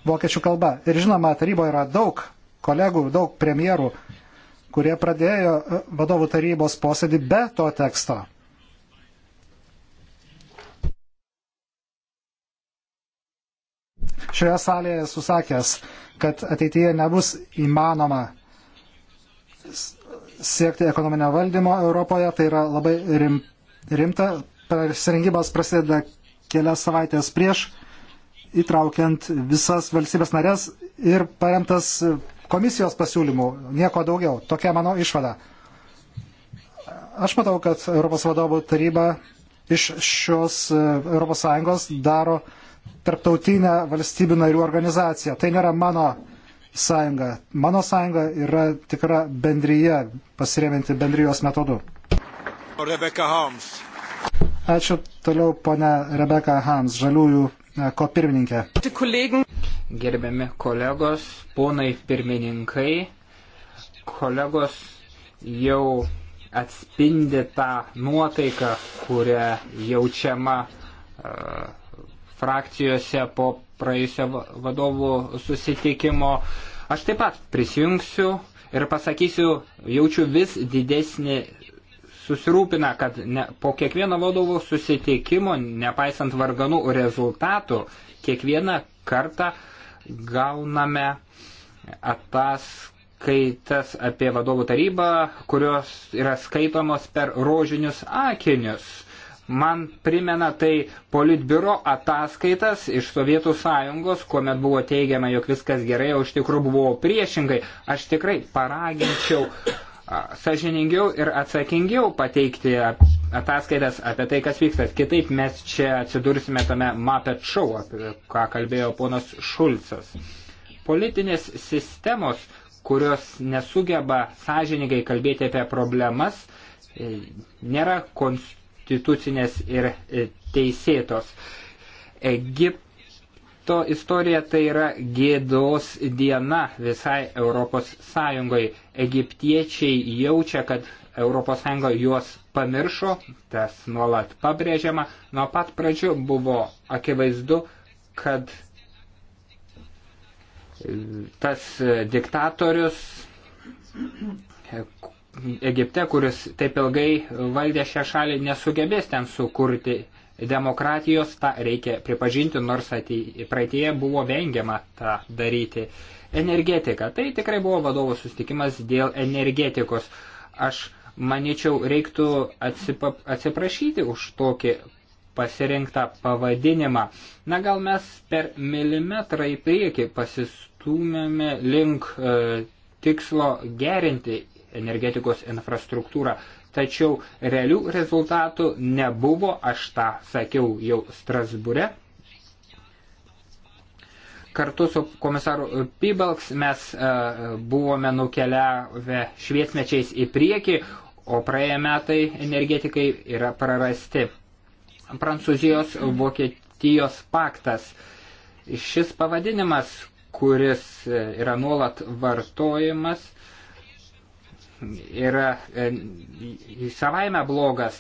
Vokiečių kalba. Ir žinoma, taryboje yra daug kolegų, daug premjerų, kurie pradėjo e, vadovų tarybos posėdį be to teksto. šioje salėje esu sakęs, kad ateityje nebus įmanoma siekti ekonominio valdymo Europoje, tai yra labai rim, rimta. Persirengimas prasideda kelias savaitės prieš, įtraukiant visas valstybės narės ir paremtas komisijos pasiūlymų, nieko daugiau. Tokia mano išvada. Aš matau, kad Europos vadovų taryba iš šios ES daro uh, tarptautinę valstybių narių organizaciją. Tai nėra mano sąjunga. Mano sąjunga yra tikra bendryje, pasiremianti bendrijos metodu. Rebecca Harms. Ačiū toliau, ponia Rebeka Hans, žaliųjų e, kopirmininkė. Gerbiami kolegos, ponai pirmininkai, kolegos jau atspindi tą nuotaiką, kurią jaučiama uh, frakcijose po praėjusio vadovų susitikimo. Aš taip pat prisijungsiu ir pasakysiu, jaučiu vis didesnį susirūpina, kad ne, po kiekvieno vadovų susitikimo, nepaisant varganų rezultatų, kiekvieną kartą gauname ataskaitas apie vadovų tarybą, kurios yra skaitomos per rožinius akinius. Man primena tai politbiuro ataskaitas iš Sovietų sąjungos, kuomet buvo teigiama, jog viskas gerai, o iš tikrųjų buvo priešingai. Aš tikrai paraginčiau sažiningiau ir atsakingiau pateikti ataskaitas apie tai, kas vyksta. Kitaip mes čia atsidursime tame Muppet Show, apie ką kalbėjo ponas Šulcas. Politinės sistemos, kurios nesugeba sąžiningai kalbėti apie problemas, e, nėra konstruktyvios konstitucinės ir e, teisėtos. Egipto istorija tai yra gėdos diena visai Europos Sąjungoje. Egiptiečiai jaučia, kad Europos Sąjunga juos pamiršo, tas nuolat pabrėžiama. Nuo pat pradžių buvo akivaizdu, kad e, tas e, diktatorius, Egipte, kuris taip ilgai valdė šią šalį, nesugebės ten sukurti demokratijos, tą reikia pripažinti, nors atei, praeitie buvo vengiama tą daryti. Energetika. Tai tikrai buvo vadovo sustikimas dėl energetikos. Aš manyčiau, reiktų atsipa, atsiprašyti už tokį pasirinktą pavadinimą. Na gal mes per milimetrą į priekį pasistumėme link e, tikslo gerinti energetikos infrastruktūrą. Tačiau realių rezultatų nebuvo, aš tą sakiau jau Strasbūre. Kartu su komisaru Pibalks mes e, buvome nukeliavę šviesmečiais į priekį, o praėję metai energetikai yra prarasti. Prancūzijos Vokietijos paktas. Šis pavadinimas, kuris e, yra nuolat vartojimas, yra e, savaime blogas.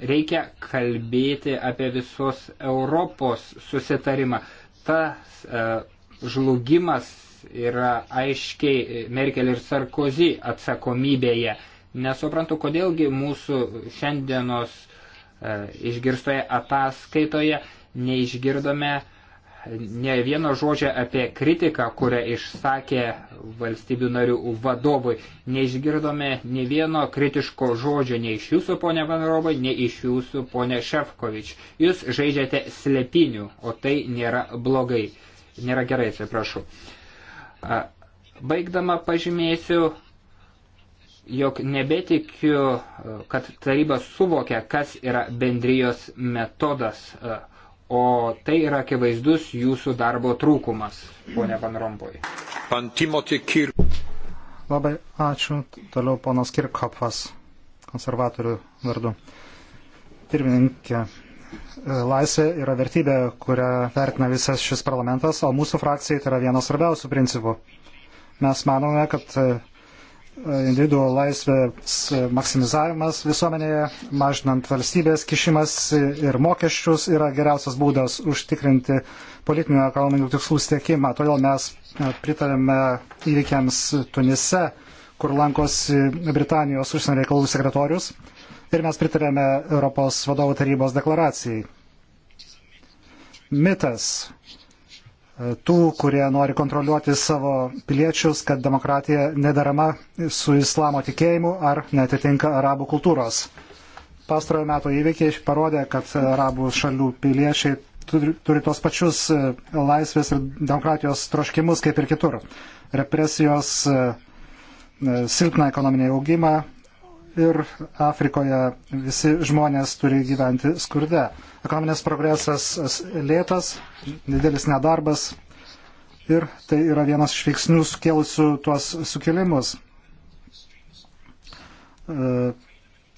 Reikia kalbėti apie visos Europos susitarimą. Tas e, žlugimas yra aiškiai Merkel ir Sarkozy atsakomybėje. Nesuprantu, kodėlgi mūsų šiandienos e, išgirstoje ataskaitoje neišgirdome e, ne vieno žodžio apie kritiką, kurią išsakė valstybių narių vadovai. Neišgirdome ne vieno kritiško žodžio nei iš jūsų, ponė Vanarovai, nei iš jūsų, ponė Šefkovič. Jūs žaidžiate slepinių, o tai nėra blogai. Nėra gerai, atsiprašau. Baigdama pažymėsiu, jog nebetikiu, kad taryba suvokia, kas yra bendrijos metodas. Uh, o tai yra akivaizdus jūsų darbo trūkumas, ponė Van Rompoj. Pan Timothy Kirk. Labai ačiū. Toliau ponas Kirkhopas, konservatorių vardu. Pirmininkė, e, laisvė yra vertybė, kurią vertina visas šis parlamentas, o mūsų frakcijai tai yra vienas svarbiausių principų. Mes manome, kad e, individuo laisvės maksimizavimas visuomenėje, mažinant valstybės kišimas ir mokesčius yra geriausias būdas užtikrinti politinių ekonominių tikslų siekimą. Todėl mes e, pritarėme įvykiams Tunise, kur lankosi Britanijos užsienio reikalų sekretorius ir mes pritarėme Europos vadovų tarybos deklaracijai. Mitas E, tų, kurie nori kontroliuoti savo piliečius, kad demokratija nedarama su islamo tikėjimu ar netitinka arabų kultūros. Pastarojo metų įvykiai parodė, kad arabų šalių piliečiai turi, turi tos pačius e, laisvės ir demokratijos troškimus kaip ir kitur. Represijos e, silpna ekonominį augimą, ir Afrikoje visi žmonės turi gyventi skurde. Ekonominis progresas lėtas, didelis nedarbas ir tai yra vienas iš veiksnių sukėlusių tuos sukilimus. E,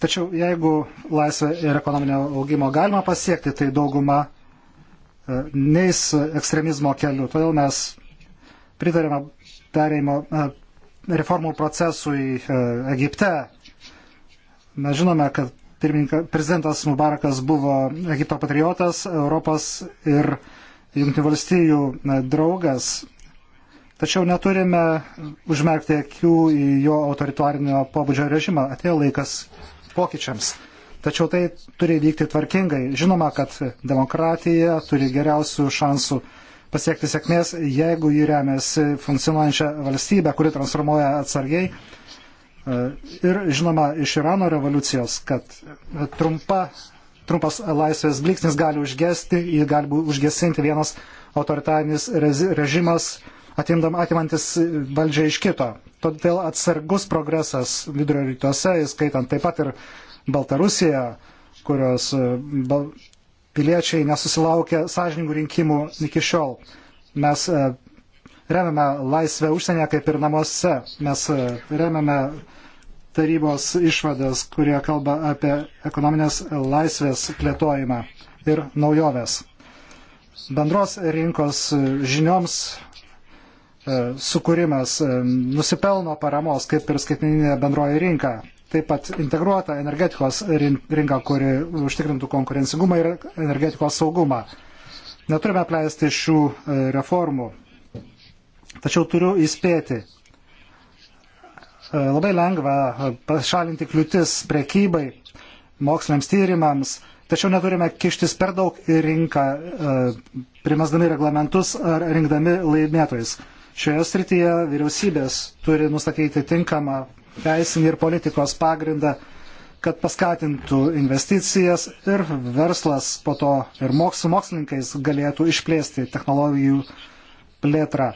tačiau jeigu laisvę ir ekonominio augimo galima pasiekti, tai dauguma e, neis ekstremizmo keliu. Todėl mes pritarėme perėjimo e, reformų procesui Egipte, Mes žinome, kad prezidentas Mubarakas buvo Egipto patriotas, Europos ir Junktinių valstijų draugas. Tačiau neturime užmerkti akių į jo autoritarinio pobūdžio režimą. Atėjo laikas pokyčiams. Tačiau tai turi vykti tvarkingai. Žinoma, kad demokratija turi geriausių šansų pasiekti sėkmės, jeigu jį remiasi funkcionuojančią valstybę, kuri transformuoja atsargiai E, ir žinoma, iš Irano revoliucijos, kad trumpa, trumpas laisvės bliksnis gali užgesti, jį gali užgesinti vienas autoritarinis režimas, atimdam, atimantis valdžią iš kito. Todėl atsargus progresas vidurio rytuose, įskaitant taip pat ir Baltarusiją, kurios e, bal, piliečiai nesusilaukia sąžiningų rinkimų iki šiol. Mes e, remiame laisvę užsienyje kaip ir namuose. Mes remiame tarybos išvadas, kurie kalba apie ekonominės laisvės plėtojimą ir naujoves. Bendros rinkos žinioms e, sukūrimas e, nusipelno paramos, kaip ir skaitmeninė bendroji rinka. Taip pat integruota energetikos rinka, kuri užtikrintų konkurencingumą ir energetikos saugumą. Neturime pleisti šių e, reformų. Tačiau turiu įspėti, E, labai lengva e, pašalinti kliūtis prekybai, moksliniams tyrimams, tačiau neturime kištis per daug į rinką, e, primesdami reglamentus ar rinkdami laimėtojus. Šioje srityje vyriausybės turi nustatyti tinkamą teisinį ir politikos pagrindą, kad paskatintų investicijas ir verslas po to ir moks, mokslininkais galėtų išplėsti technologijų plėtrą.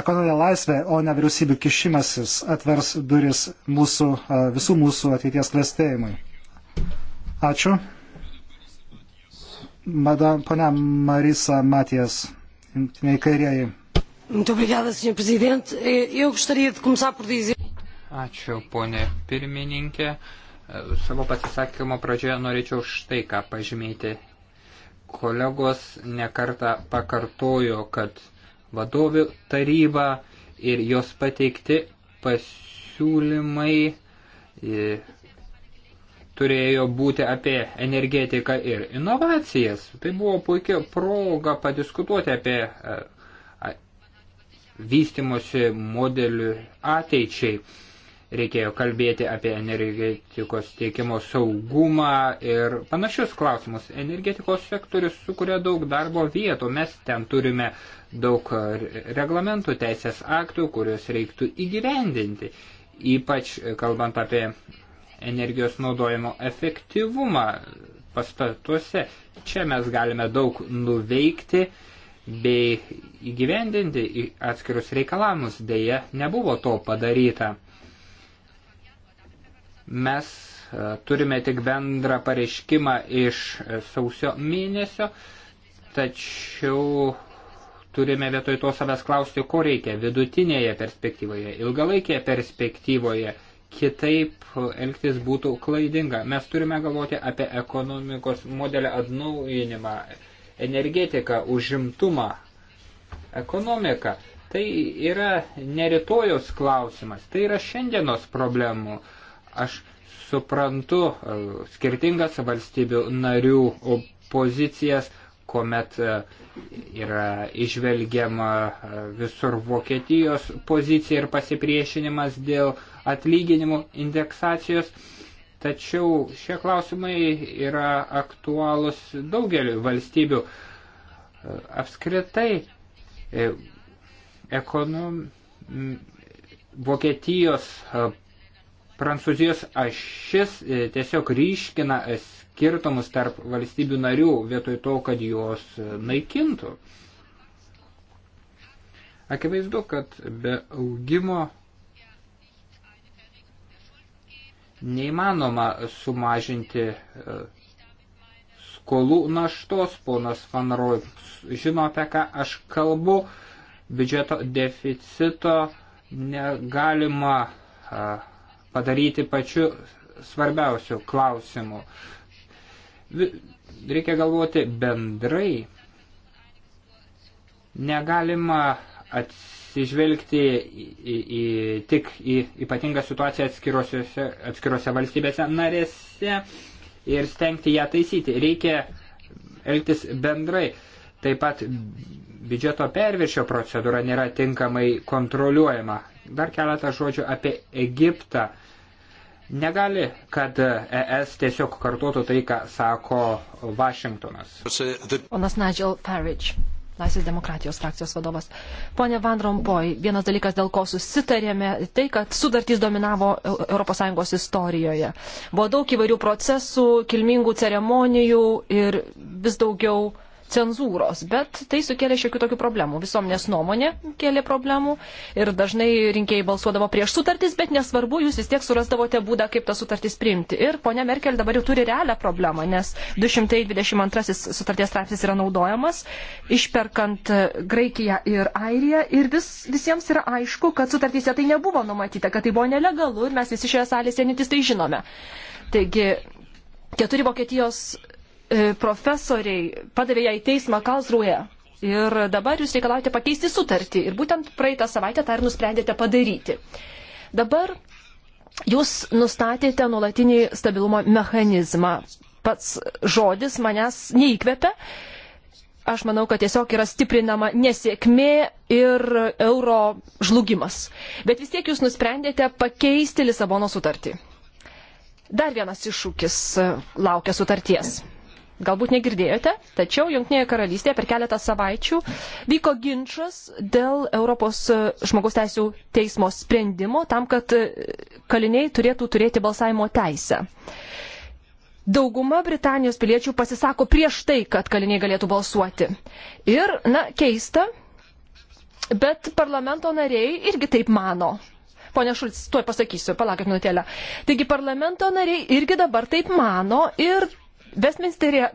Ekonominė laisvė, o ne vyriausybių kišimasis atvers duris mūsų, visų mūsų ateities klėstėjimui. Ačiū. Madam, ponia Marisa Matijas, jungtiniai kairieji. Ačiū, ponė pirmininkė. Savo pasisakymo pradžioje norėčiau štai ką pažymėti. Kolegos nekarta pakartojo, kad vadovių taryba ir jos pateikti pasiūlymai e, turėjo būti apie energetiką ir inovacijas. Tai buvo puikia proga padiskutuoti apie e, vystimosi modelių ateičiai reikėjo kalbėti apie energetikos tiekimo saugumą ir panašius klausimus. Energetikos sektorius sukuria daug darbo vietų, mes ten turime daug reglamentų, teisės aktų, kuriuos reiktų įgyvendinti, ypač kalbant apie energijos naudojimo efektyvumą pastatuose. Čia mes galime daug nuveikti bei įgyvendinti atskirus reikalavimus, dėje nebuvo to padaryta. Mes e, turime tik bendrą pareiškimą iš sausio mėnesio, tačiau turime vietoj to savęs klausti, ko reikia vidutinėje perspektyvoje, ilgalaikėje perspektyvoje. Kitaip elgtis būtų klaidinga. Mes turime galvoti apie ekonomikos modelį atnaujinimą, energetiką, užimtumą, ekonomiką. Tai yra ne rytojos klausimas, tai yra šiandienos problemų. Aš suprantu e, skirtingas valstybių narių pozicijas, kuomet e, yra išvelgiama e, visur Vokietijos pozicija ir pasipriešinimas dėl atlyginimų indeksacijos. Tačiau šie klausimai yra aktualūs daugeliu valstybių. Apskritai, ekonom... Vokietijos Prancūzijos ašis e, tiesiog ryškina skirtumus tarp valstybių narių vietoj to, kad juos e, naikintų. Akivaizdu, kad be augimo neįmanoma sumažinti e, skolų naštos, ponas Van Roy žino, apie ką aš kalbu, biudžeto deficito negalima uh, padaryti pačiu svarbiausiu klausimu. Reikia galvoti bendrai. Negalima atsižvelgti į, į, į, tik į ypatingą situaciją atskirose, atskirose valstybėse narėse ir stengti ją taisyti. Reikia elgtis bendrai. Taip pat biudžeto perviršio procedūra nėra tinkamai kontroliuojama. Dar keletą žodžių apie Egiptą. Negali, kad ES tiesiog kartuotų tai, ką sako Vašingtonas. Ponas Nigel Farage, Laisvės demokratijos frakcijos vadovas. Pone Van Rompuy, vienas dalykas, dėl ko susitarėme, tai, kad sudartys dominavo ES istorijoje. Buvo daug įvairių procesų, kilmingų ceremonijų ir vis daugiau cenzūros, bet tai sukėlė šiokių tokių problemų. Visuomenės nuomonė kėlė problemų ir dažnai rinkėjai balsuodavo prieš sutartis, bet nesvarbu, jūs vis tiek surasdavote būdą, kaip tas sutartis priimti. Ir ponia Merkel dabar jau turi realią problemą, nes 222 sutarties straipsnis yra naudojamas, išperkant Graikiją ir Airiją ir vis, visiems yra aišku, kad sutartyse tai nebuvo numatyta, kad tai buvo nelegalu ir mes visi šioje salėje sėnintis tai žinome. Taigi, keturi Vokietijos E, profesoriai padavė ją į teismą Kalsruje. Ir dabar jūs reikalaujate pakeisti sutartį. Ir būtent praeitą savaitę tą ir nusprendėte padaryti. Dabar jūs nustatėte nuolatinį stabilumo mechanizmą. Pats žodis manęs neįkvepia. Aš manau, kad tiesiog yra stiprinama nesėkmė ir euro žlugimas. Bet vis tiek jūs nusprendėte pakeisti Lisabono sutartį. Dar vienas iššūkis e, laukia sutarties galbūt negirdėjote, tačiau Junktinėje karalystėje per keletą savaičių vyko ginčas dėl Europos e, žmogaus teisų teismo sprendimo tam, kad e, kaliniai turėtų turėti balsavimo teisę. Dauguma Britanijos piliečių pasisako prieš tai, kad kaliniai galėtų balsuoti. Ir, na, keista, bet parlamento nariai irgi taip mano. Pone Šulc, tuoj pasakysiu, palaukit minutėlę. Taigi parlamento nariai irgi dabar taip mano ir Westminsteryje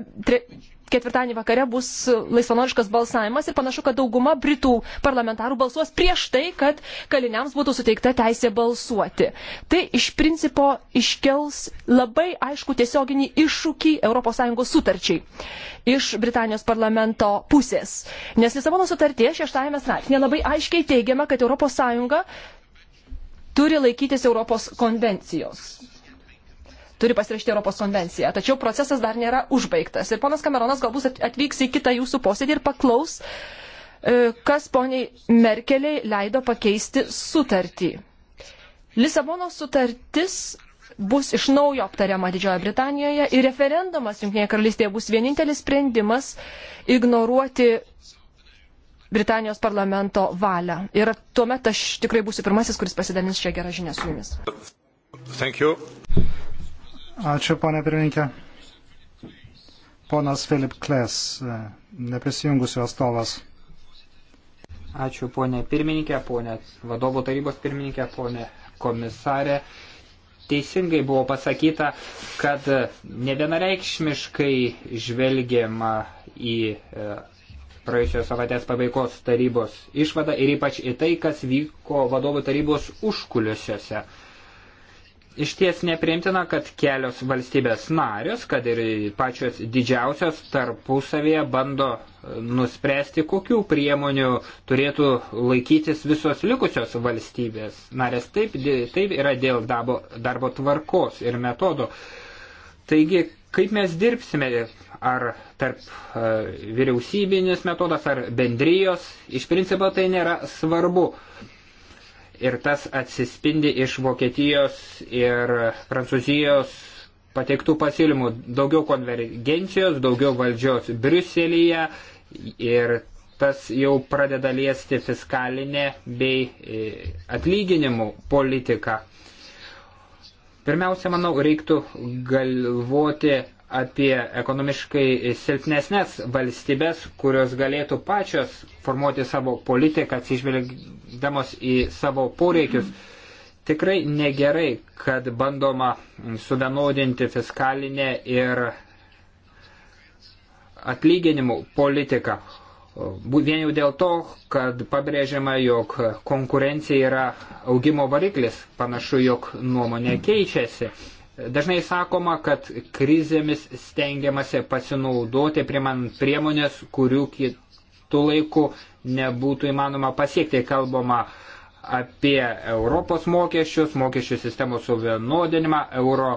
ketvirtadienį vakare bus laisvanoriškas balsavimas ir panašu, kad dauguma Britų parlamentarų balsuos prieš tai, kad kaliniams būtų suteikta teisė balsuoti. Tai iš principo iškels labai aišku tiesioginį iššūkį ES sutarčiai iš Britanijos parlamento pusės. Nes Lisabono sutartie šeštajame straipsnėje labai aiškiai teigiama, kad ES turi laikytis Europos konvencijos turi pasirašyti Europos konvenciją. Tačiau procesas dar nėra užbaigtas. Ir ponas Kameronas galbūt atvyks į kitą jūsų posėdį ir paklaus, e, kas poniai Merkeliai leido pakeisti sutartį. Lisabono sutartis bus iš naujo aptariama Didžiojo Britanijoje ir referendumas Junktinėje karalystėje bus vienintelis sprendimas ignoruoti Britanijos parlamento valią. Ir tuomet aš tikrai būsiu pirmasis, kuris pasidalins šią gerą žinią su jumis. Ačiū, ponė pirmininkė. Ponas Filip Kles, e, neprisijungusios atstovas. Ačiū, ponė pirmininkė, ponė vadovo tarybos pirmininkė, ponė komisarė teisingai buvo pasakyta, kad nevienareikšmiškai žvelgiama į e, praėjusios savaitės pabaigos tarybos išvadą ir ypač į tai, kas vyko vadovų tarybos užkuliuosiuose. Iš ties nepriimtina, kad kelios valstybės narios, kad ir pačios didžiausios, tarpusavėje bando e, nuspręsti, kokių priemonių turėtų laikytis visos likusios valstybės narės. Taip, taip yra dėl darbo, darbo tvarkos ir metodo. Taigi, kaip mes dirbsime, ar tarp e, vyriausybinis metodas, ar bendrijos, iš principo tai nėra svarbu ir tas atsispindi iš Vokietijos ir Prancūzijos pateiktų pasiūlymų daugiau konvergencijos, daugiau valdžios Briuselyje ir tas jau pradeda liesti fiskalinę bei e, atlyginimų politiką. Pirmiausia, manau, reiktų galvoti apie ekonomiškai silpnesnės valstybės, kurios galėtų pačios formuoti savo politiką, atsižvelgdamos į savo poreikius. Tikrai negerai, kad bandoma suvienodinti fiskalinę ir atlyginimų politiką. Vien jau dėl to, kad pabrėžiama, jog konkurencija yra augimo variklis, panašu, jog nuomonė keičiasi. Mm Dažnai sakoma, kad krizėmis stengiamasi pasinaudoti primant priemonės, kurių kitų laikų nebūtų įmanoma pasiekti. Kalbama apie Europos mokesčius, mokesčių sistemos suvienodinimą, euro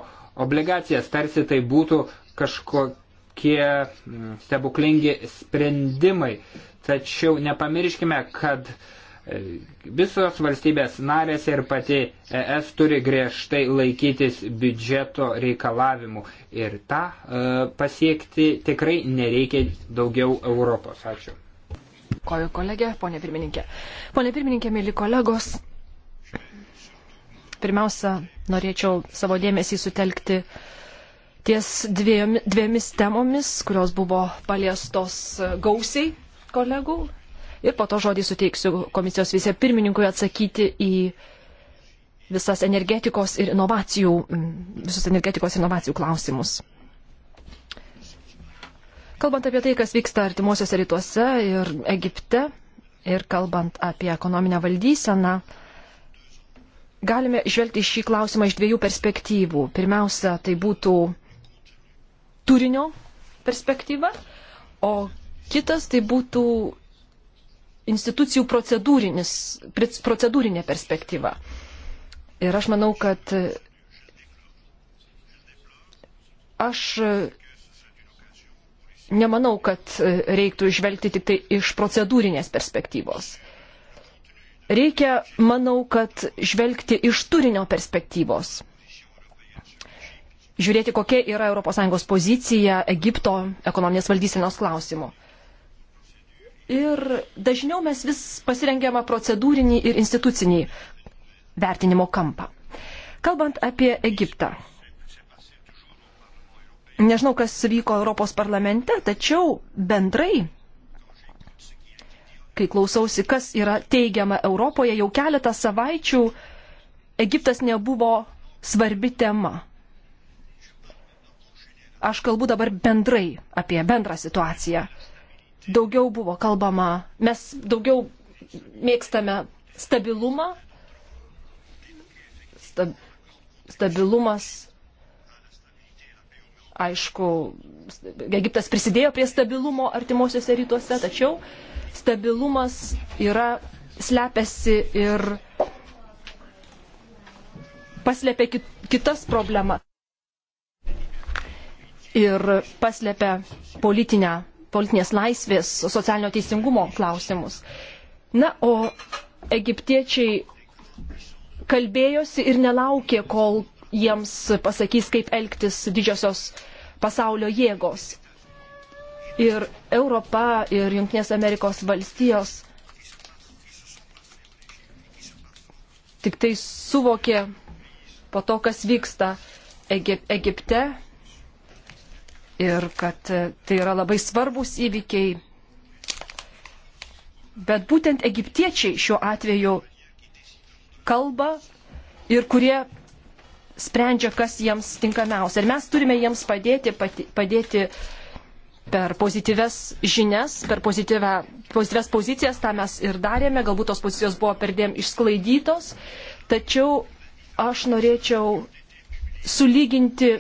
obligacijas, tarsi tai būtų kažkokie mm, stebuklingi sprendimai. Tačiau nepamirškime, kad uh, Visos valstybės narės ir pati ES turi griežtai laikytis biudžeto reikalavimų ir tą e, pasiekti tikrai nereikia daugiau Europos. Ačiū. Kojo kolegė, ponė pirmininkė. Ponė pirmininkė, mėly kolegos, pirmiausia, norėčiau savo dėmesį sutelkti ties dviem, dviemis temomis, kurios buvo paliestos gausiai kolegų ir po to žodį suteiksiu komisijos vicepirmininkui atsakyti į visas energetikos ir inovacijų, visus energetikos inovacijų klausimus. Kalbant apie tai, kas vyksta artimuosiuose rytuose ir Egipte, ir kalbant apie ekonominę valdyseną, galime žvelgti šį klausimą iš dviejų perspektyvų. Pirmiausia, tai būtų turinio perspektyva, o kitas tai būtų institucijų procedūrinė perspektyva. Ir aš manau, kad aš nemanau, kad reiktų žvelgti tik tai iš procedūrinės perspektyvos. Reikia, manau, kad žvelgti iš turinio perspektyvos. Žiūrėti, kokia yra ES pozicija Egipto ekonominės valdysenos klausimu. Ir dažniau mes vis pasirengiamą procedūrinį ir institucinį vertinimo kampą. Kalbant apie Egiptą. Nežinau, kas vyko Europos parlamente, tačiau bendrai, kai klausausi, kas yra teigiama Europoje, jau keletą savaičių Egiptas nebuvo svarbi tema. Aš kalbu dabar bendrai apie bendrą situaciją daugiau buvo kalbama, mes daugiau mėgstame stabilumą. Stab, stabilumas, aišku, Egiptas prisidėjo prie stabilumo artimuosiuose rytuose, tačiau stabilumas yra slepiasi ir paslėpia kitas problemas ir paslėpia politinę politinės laisvės, socialinio teisingumo klausimus. Na, o egiptiečiai kalbėjosi ir nelaukė, kol jiems pasakys, kaip elgtis didžiosios pasaulio jėgos. Ir Europa ir Junktinės Amerikos valstijos tik tai suvokė po to, kas vyksta Egipte ir kad tai yra labai svarbus įvykiai. Bet būtent egiptiečiai šiuo atveju kalba ir kurie sprendžia, kas jiems tinkamiausia. Ir mes turime jiems padėti, padėti per pozityves žinias, per pozityvę, pozityves pozicijas, tą mes ir darėme, galbūt tos pozicijos buvo perdėm išsklaidytos, tačiau aš norėčiau sulyginti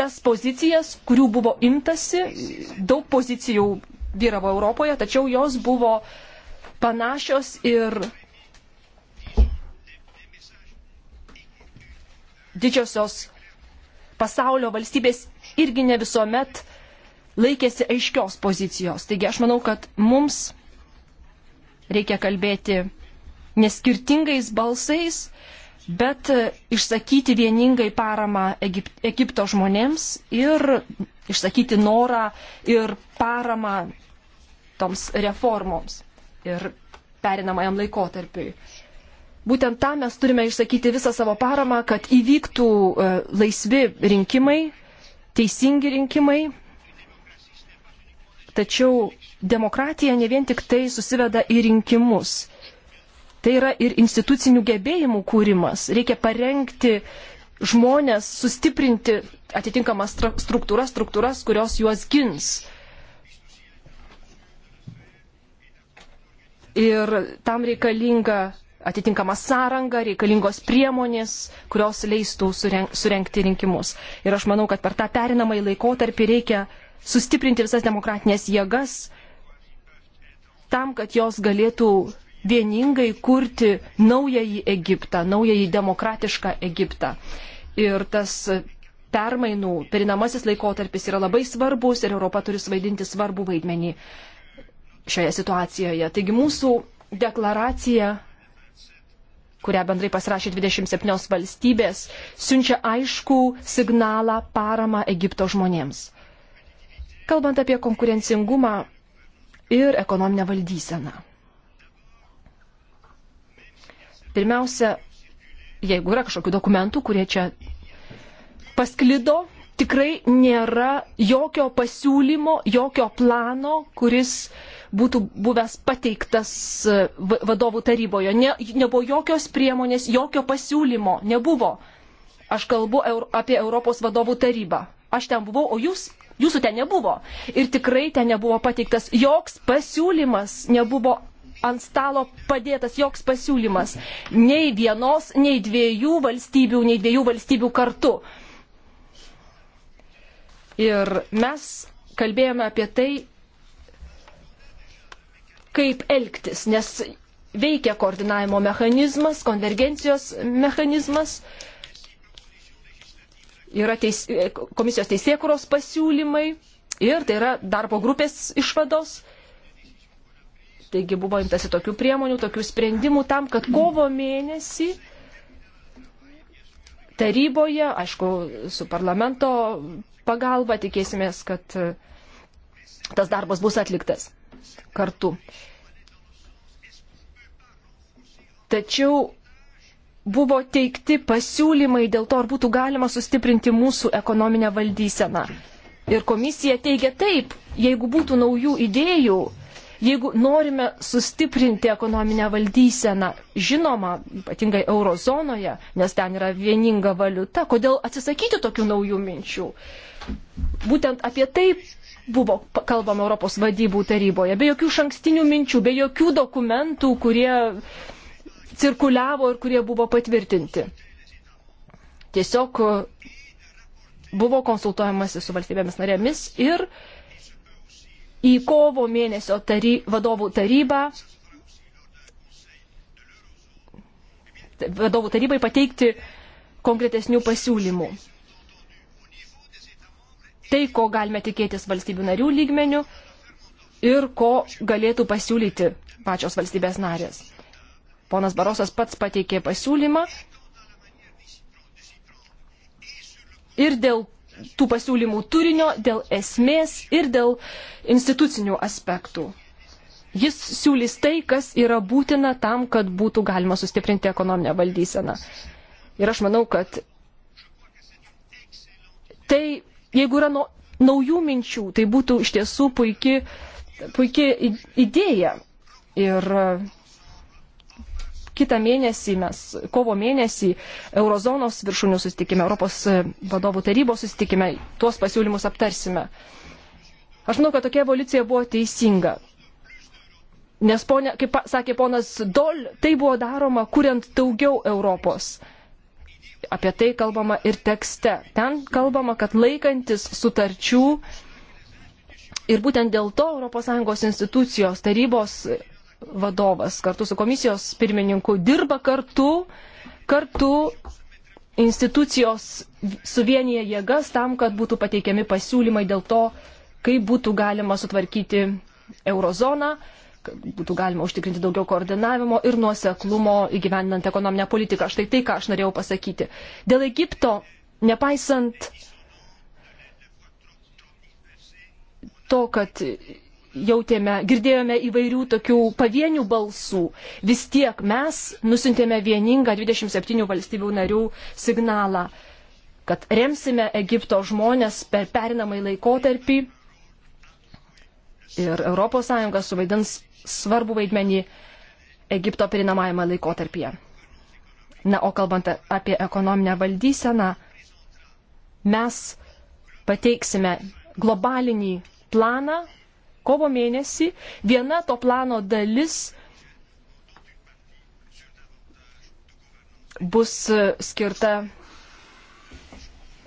tas pozicijas, kurių buvo imtasi, daug pozicijų vyravo Europoje, tačiau jos buvo panašios ir didžiosios pasaulio valstybės irgi ne visuomet laikėsi aiškios pozicijos. Taigi aš manau, kad mums reikia kalbėti neskirtingais balsais bet e, išsakyti vieningai paramą Egip Egipto žmonėms ir išsakyti norą ir paramą toms reformoms ir perinamajam laikotarpiui. Būtent tą mes turime išsakyti visą savo paramą, kad įvyktų e, laisvi rinkimai, teisingi rinkimai. Tačiau demokratija ne vien tik tai susiveda į rinkimus. Tai yra ir institucinių gebėjimų kūrimas. Reikia parengti žmonės, sustiprinti atitinkamas struktūras, struktūras, kurios juos gins. Ir tam reikalinga atitinkama sąranga, reikalingos priemonės, kurios leistų surenkti rinkimus. Ir aš manau, kad per tą perinamąjį laikotarpį reikia sustiprinti visas demokratinės jėgas tam, kad jos galėtų vieningai kurti naująjį Egiptą, naująjį demokratišką Egiptą. Ir tas permainų perinamasis laikotarpis yra labai svarbus ir Europa turi svaidinti svarbų vaidmenį šioje situacijoje. Taigi mūsų deklaracija, kurią bendrai pasirašė 27 valstybės, siunčia aišku signalą paramą Egipto žmonėms. Kalbant apie konkurencingumą ir ekonominę valdyseną. Pirmiausia, jeigu yra kažkokių dokumentų, kurie čia pasklido, tikrai nėra jokio pasiūlymo, jokio plano, kuris būtų buvęs pateiktas e, vadovų taryboje. Ne, nebuvo jokios priemonės, jokio pasiūlymo nebuvo. Aš kalbu apie Europos vadovų tarybą. Aš ten buvau, o jūs, jūsų ten nebuvo. Ir tikrai ten nebuvo pateiktas joks pasiūlymas, nebuvo ant stalo padėtas joks pasiūlymas. Nei vienos, nei dviejų valstybių, nei dviejų valstybių kartu. Ir mes kalbėjome apie tai, kaip elgtis, nes veikia koordinavimo mechanizmas, konvergencijos mechanizmas, yra teis, komisijos teisėkuros pasiūlymai ir tai yra darbo grupės išvados Taigi buvo imtasi tokių priemonių, tokių sprendimų tam, kad kovo mėnesį taryboje, aišku, su parlamento pagalba tikėsimės, kad e, tas darbas bus atliktas kartu. Tačiau buvo teikti pasiūlymai dėl to, ar būtų galima sustiprinti mūsų ekonominę valdyseną. Ir komisija teigia taip, jeigu būtų naujų idėjų, Jeigu norime sustiprinti ekonominę valdyseną, žinoma, ypatingai eurozonoje, nes ten yra vieninga valiuta, kodėl atsisakyti tokių naujų minčių? Būtent apie tai buvo kalbama Europos vadybų taryboje, be jokių šankstinių minčių, be jokių dokumentų, kurie cirkuliavo ir kurie buvo patvirtinti. Tiesiog buvo konsultuojamasi su valstybėmis narėmis ir uh, į kovo mėnesio tary, vadovų tarybą vadovų tarybai pateikti konkretesnių pasiūlymų. Tai, ko galime tikėtis valstybių narių lygmenių ir ko galėtų pasiūlyti pačios valstybės narės. Ponas Barosas pats pateikė pasiūlymą ir dėl tų pasiūlymų turinio, dėl esmės ir dėl institucinių aspektų. Jis siūlys tai, kas yra būtina tam, kad būtų galima sustiprinti ekonominę valdyseną. Ir aš manau, kad tai, jeigu yra no, naujų minčių, tai būtų iš tiesų puikia puiki idėja. Ir kitą mėnesį, mes kovo mėnesį Eurozonos viršūnių susitikime, Europos e, vadovų tarybos susitikime, tuos pasiūlymus aptarsime. Aš manau, kad tokia evoliucija buvo teisinga. Nes, ponė, kaip sakė ponas Dol, tai buvo daroma, kuriant daugiau Europos. Apie tai kalbama ir tekste. Ten kalbama, kad laikantis sutarčių ir būtent dėl to ES institucijos tarybos vadovas kartu su komisijos pirmininku dirba kartu, kartu institucijos suvienyje jėgas tam, kad būtų pateikiami pasiūlymai dėl to, kaip būtų galima sutvarkyti eurozoną, būtų galima užtikrinti daugiau koordinavimo ir nuoseklumo įgyvendinant ekonominę politiką. Štai tai, ką aš norėjau pasakyti. Dėl Egipto, nepaisant to, kad jautėme, girdėjome įvairių tokių pavienių balsų, vis tiek mes nusintėme vieningą 27 valstybių narių signalą, kad remsime Egipto žmonės per perinamąjį laikotarpį ir ES suvaidins svarbu vaidmenį Egipto perinamajame laikotarpyje. Na, o kalbant apie ekonominę valdyseną, mes pateiksime globalinį planą kovo mėnesį viena to plano dalis bus skirta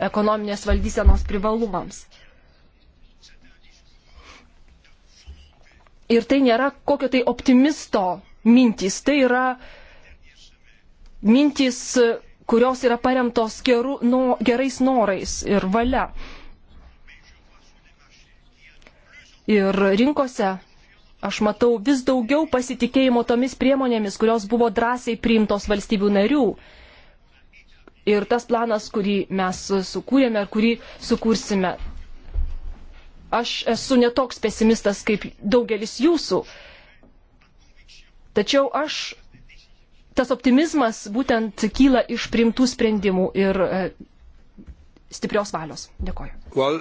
ekonominės valdysenos privalumams. Ir tai nėra kokio tai optimisto mintys, tai yra mintys, kurios yra paremtos geru, no, gerais norais ir valia. ir rinkose aš matau vis daugiau pasitikėjimo tomis priemonėmis, kurios buvo drąsiai priimtos valstybių narių. Ir tas planas, kurį mes sukūrėme ir kurį sukursime. Aš esu netoks pesimistas kaip daugelis jūsų. Tačiau aš, tas optimizmas būtent kyla iš primtų sprendimų ir e, stiprios valios. Dėkoju. Well,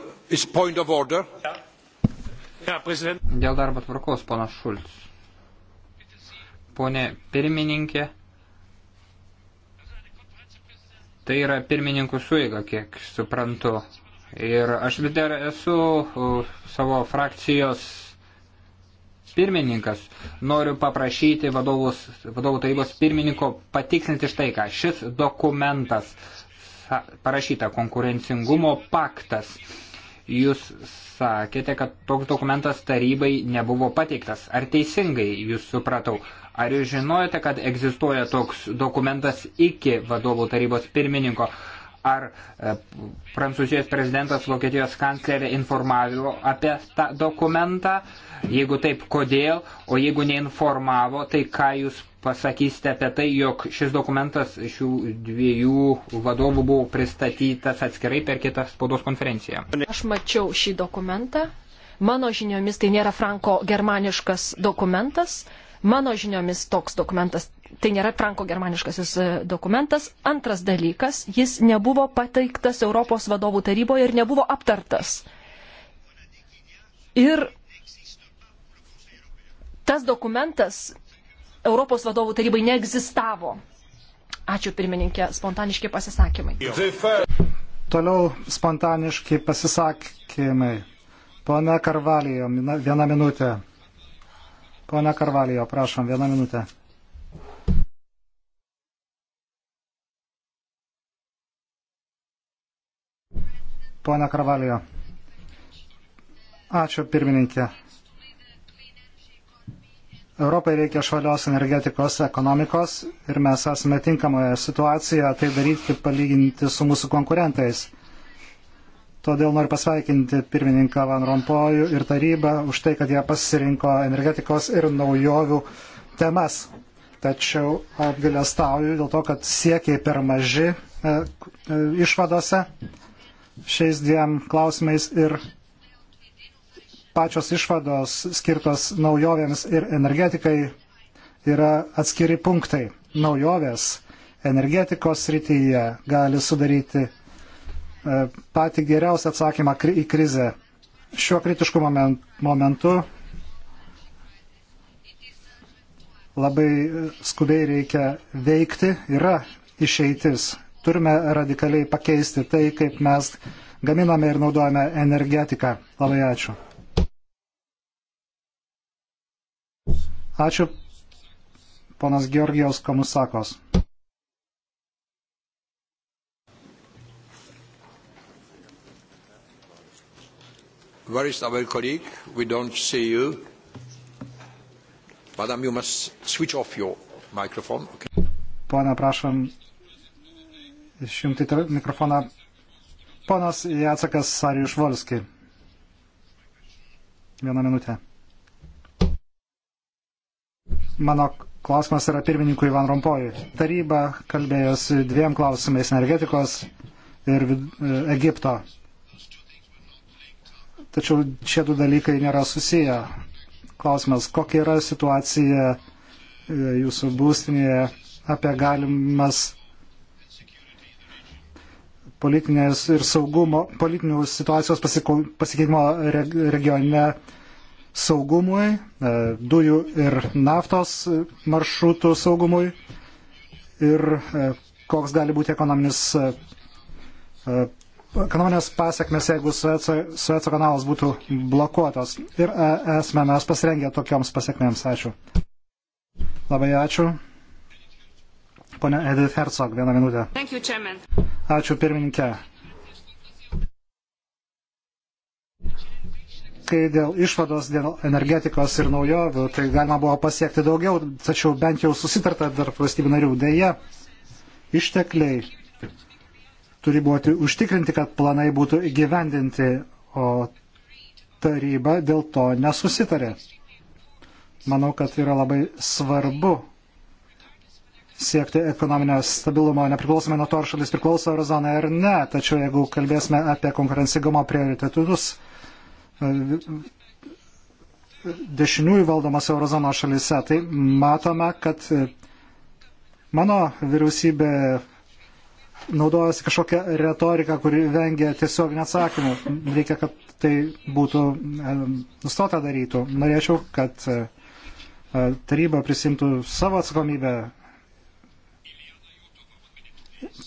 Dėl darbo tvarkos, panas Šulc. Pone pirmininkė, tai yra pirmininkų suiga, kiek suprantu. Ir aš vis dar esu savo frakcijos pirmininkas. Noriu paprašyti vadovus, vadovų tarybos pirmininko patikslinti štai ką. Šis dokumentas parašyta konkurencingumo paktas. Jūs sakėte, kad toks dokumentas tarybai nebuvo pateiktas. Ar teisingai jūs supratau? Ar jūs žinojate, kad egzistuoja toks dokumentas iki vadovų tarybos pirmininko? ar e, Prancūzijos prezidentas Vokietijos kanclerė informavo apie tą dokumentą, jeigu taip, kodėl, o jeigu neinformavo, tai ką jūs pasakysite apie tai, jog šis dokumentas šių dviejų vadovų buvo pristatytas atskirai per kitą spaudos konferenciją. Aš mačiau šį dokumentą. Mano žiniomis tai nėra franko germaniškas dokumentas. Mano žiniomis toks dokumentas tai nėra franko-germaniškasis e, dokumentas. Antras dalykas, jis nebuvo pateiktas Europos vadovų taryboje ir nebuvo aptartas. Ir tas dokumentas Europos vadovų tarybai neegzistavo. Ačiū pirmininkė, spontaniški pasisakymai. Toliau spontaniški pasisakymai. Pone Karvalijo, viena minutė. Pone Karvalijo, prašom, viena minutė. Pone Karvalijo. Ačiū pirmininkė. Europai reikia švalios energetikos ekonomikos ir mes esame tinkamoje situacijoje tai daryti palyginti su mūsų konkurentais. Todėl noriu pasveikinti pirmininką Van Rompojų ir tarybą už tai, kad jie pasirinko energetikos ir naujovių temas. Tačiau apgailestauju dėl to, kad siekiai per maži e, e, išvadose. E, šiais dviem klausimais ir pačios išvados skirtos naujovėms ir energetikai yra atskiri punktai. Naujovės energetikos srityje gali sudaryti e, patį geriausią atsakymą į krizę. Šiuo kritišku momentu labai e, skubiai reikia veikti, yra išeitis turime radikaliai pakeisti tai, kaip mes gaminame ir naudojame energetiką. Labai ačiū. Ačiū, ponas Georgijos Komusakos. Where is our colleague? We don't see you. Madam, you must switch off your microphone. Okay. Pone, prašom išjungti mikrofoną. Ponas Jacekas Sarijus Volski. Vieną minutę. Mano klausimas yra pirmininkui Ivan Rompojui. Taryba kalbėjosi dviem klausimais - energetikos ir e, Egipto. Tačiau šie du dalykai nėra susiję. Klausimas, kokia yra situacija e, jūsų būstinėje apie galimas politinės ir saugumo, politinių situacijos pasikeitimo regione saugumui, e, dujų ir naftos maršrutų saugumui ir e, koks gali būti ekonominis, e, ekonominės pasiekmes, jeigu Sueco kanalas būtų blokuotas. Ir esame mes pasirengę tokioms pasiekmėms. Ačiū. Labai ačiū. Pone Edith Herzog, vieną minutę. Ačiū pirmininkė. Kai dėl išvados, dėl energetikos ir naujovių, tai galima buvo pasiekti daugiau, tačiau bent jau susitarta tarp valstybių narių. Deja, ištekliai turi būti užtikrinti, kad planai būtų įgyvendinti, o taryba dėl to nesusitarė. Manau, kad yra labai svarbu siekti ekonominio stabilumo, nepriklausomai nuo to, ar šalis priklauso eurozonai ar ne. Tačiau jeigu kalbėsime apie konkurencingumo prioritetus, dešiniųjų valdomas eurozono šalise, tai matome, kad mano vyriausybė naudojasi kažkokią retoriką, kuri vengia tiesioginio atsakymų. Reikia, kad tai būtų e, nustota darytų. Norėčiau, kad e, taryba prisimtų savo atsakomybę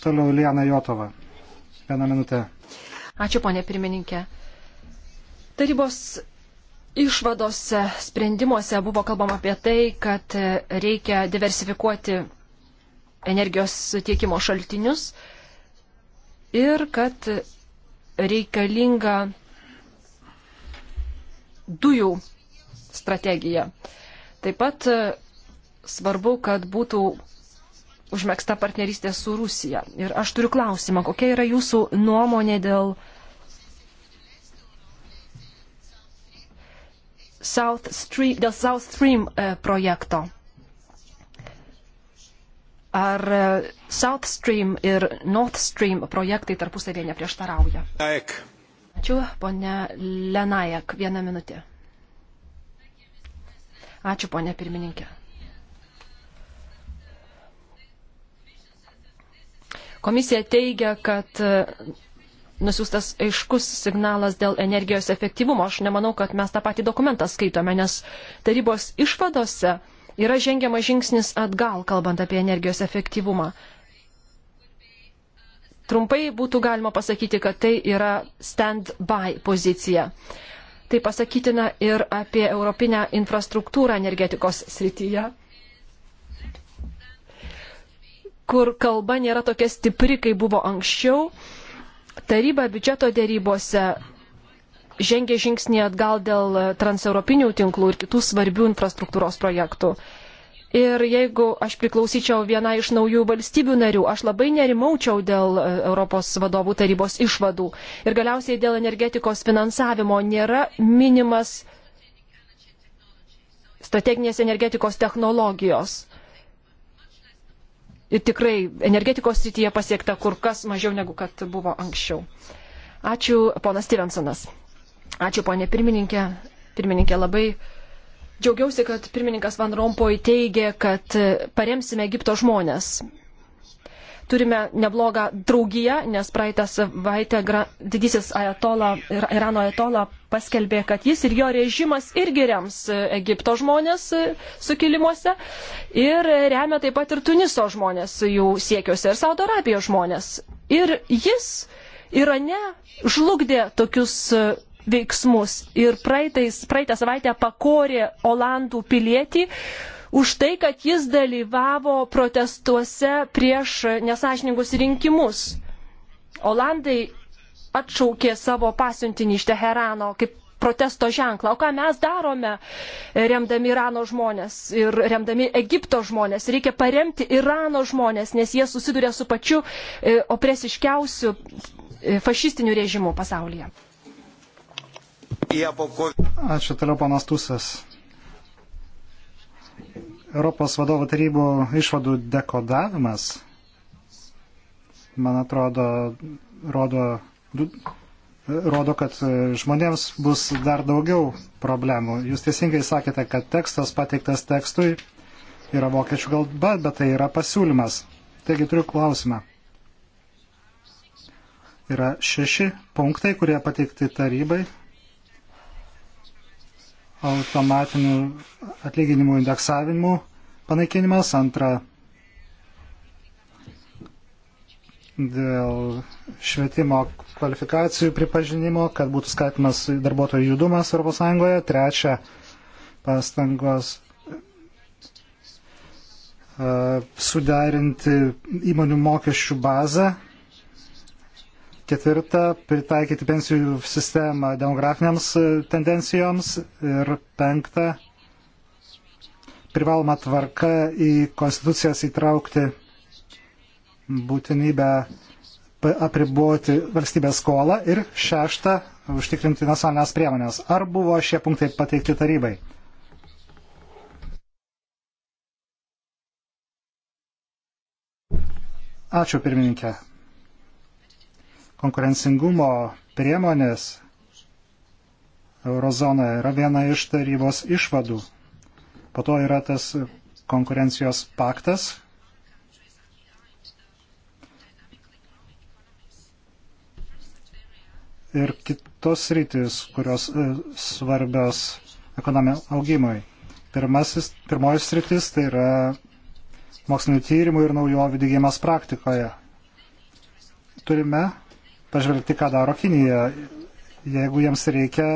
Toliau Liana Jotova. Vieną minutę. Ačiū, ponė pirmininkė. Tarybos išvadose, sprendimuose buvo kalbama apie tai, kad reikia diversifikuoti energijos tiekimo šaltinius ir kad reikalinga dujų strategija. Taip pat svarbu, kad būtų užmėgsta partnerystė su Rusija. Ir aš turiu klausimą, kokia yra jūsų nuomonė dėl South Stream, dėl South Stream e, projekto? Ar e, South Stream ir North Stream projektai tarpusavėje neprieštarauja? Laik. Ačiū, ponia Lenajak, vieną minutę. Ačiū, ponia pirmininkė. Komisija teigia, kad e, nusiųstas aiškus signalas dėl energijos efektyvumo. Aš nemanau, kad mes tą patį dokumentą skaitome, nes tarybos išvadose yra žengiama žingsnis atgal, kalbant apie energijos efektyvumą. Trumpai būtų galima pasakyti, kad tai yra stand-by pozicija. Tai pasakytina ir apie europinę infrastruktūrą energetikos srityje. kur kalba nėra tokia stipri, kaip buvo anksčiau. Taryba biudžeto dėrybose žengė žingsnį atgal dėl transeuropinių tinklų ir kitų svarbių infrastruktūros projektų. Ir jeigu aš priklausyčiau vienai iš naujų valstybių narių, aš labai nerimaučiau dėl e, Europos vadovų tarybos išvadų. Ir galiausiai dėl energetikos finansavimo nėra minimas strateginės energetikos technologijos ir tikrai energetikos srityje pasiekta kur kas mažiau negu kad buvo anksčiau. Ačiū, ponas Stevensonas. Ačiū, ponė pirmininkė. Pirmininkė labai. Džiaugiausi, kad pirmininkas Van Rompoj teigė, kad paremsime Egipto žmonės turime neblogą draugiją, nes praeitą savaitę didysis ajatola, Irano ajatola paskelbė, kad jis ir jo režimas irgi rems Egipto žmonės sukilimuose ir remia taip pat ir Tuniso žmonės jų siekiuose ir Saudo Arabijos žmonės. Ir jis Irane žlugdė tokius veiksmus ir praeitais, praeitą savaitę pakorė Olandų pilietį, už tai, kad jis dalyvavo protestuose prieš nesažiningus rinkimus. Olandai atšaukė savo pasiuntinį iš Teherano kaip protesto ženklą. O ką mes darome, e, remdami Irano žmonės ir remdami Egipto žmonės? Reikia paremti Irano žmonės, nes jie susiduria su pačiu e, opresiškiausiu e, fašistiniu režimu pasaulyje. Ačiū toliau, panas Tusas. Europos vadovo tarybų išvadų dekodavimas, man atrodo, rodo, rodo, kad žmonėms bus dar daugiau problemų. Jūs teisingai sakėte, kad tekstas pateiktas tekstui yra vokiečių kalba, bet tai yra pasiūlymas. Taigi turiu klausimą. Yra šeši punktai, kurie pateikti tarybai automatinių atlyginimų indeksavimų panaikinimas, antra dėl švietimo kvalifikacijų pripažinimo, kad būtų skatimas darbuotojų judumas Europos Sąjungoje, trečia pastangos e, suderinti įmonių mokesčių bazę Ketvirta, pritaikyti pensijų sistemą demografiniams e, tendencijoms. Ir penkta, privaloma tvarka į konstitucijas įtraukti būtinybę apriboti valstybės skolą ir šešta, užtikrinti nacionalinės priemonės. Ar buvo šie punktai pateikti tarybai? Ačiū pirmininkė konkurencingumo priemonės eurozonoje yra viena iš tarybos išvadų. Po to yra tas konkurencijos paktas. Ir kitos rytis, kurios e, svarbios ekonomiam augimui. Pirmasis, pirmoji sritis tai yra mokslinio tyrimų ir naujovių dėgymas praktikoje. Turime pažvelgti, ką daro Kinija. Jeigu jiems reikia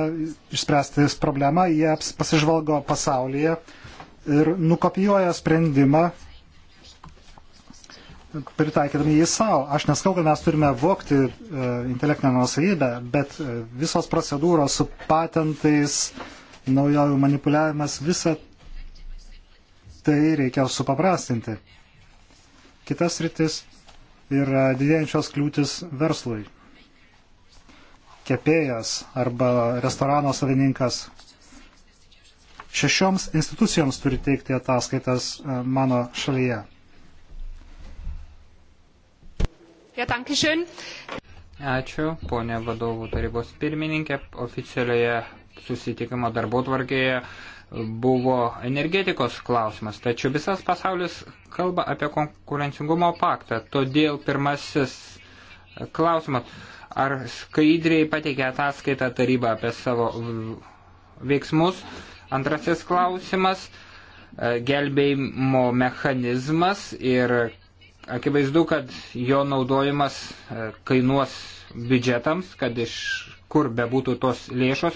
išspręsti problemą, jie pasižvalgo pasaulyje ir nukopijuoja sprendimą, pritaikydami jį savo. Aš neskau, kad mes turime vokti e, intelektinę nusavybę, bet e, visos procedūros su patentais, naujovių manipuliavimas, visą tai reikia supaprastinti. Kitas rytis yra didėjančios kliūtis verslui kepėjas arba restorano savininkas. Šešioms institucijoms turi teikti ataskaitas e, mano šalyje. Ja, Ačiū, ponė vadovų tarybos pirmininkė. Oficialioje susitikimo darbo tvarkėje buvo energetikos klausimas, tačiau visas pasaulis kalba apie konkurencingumo paktą. Todėl pirmasis klausimas ar skaidriai pateikė ataskaitą tarybą apie savo veiksmus. Antrasis klausimas e, - gelbėjimo mechanizmas ir akivaizdu, kad jo naudojimas e, kainuos biudžetams, kad iš kur bebūtų tos lėšos.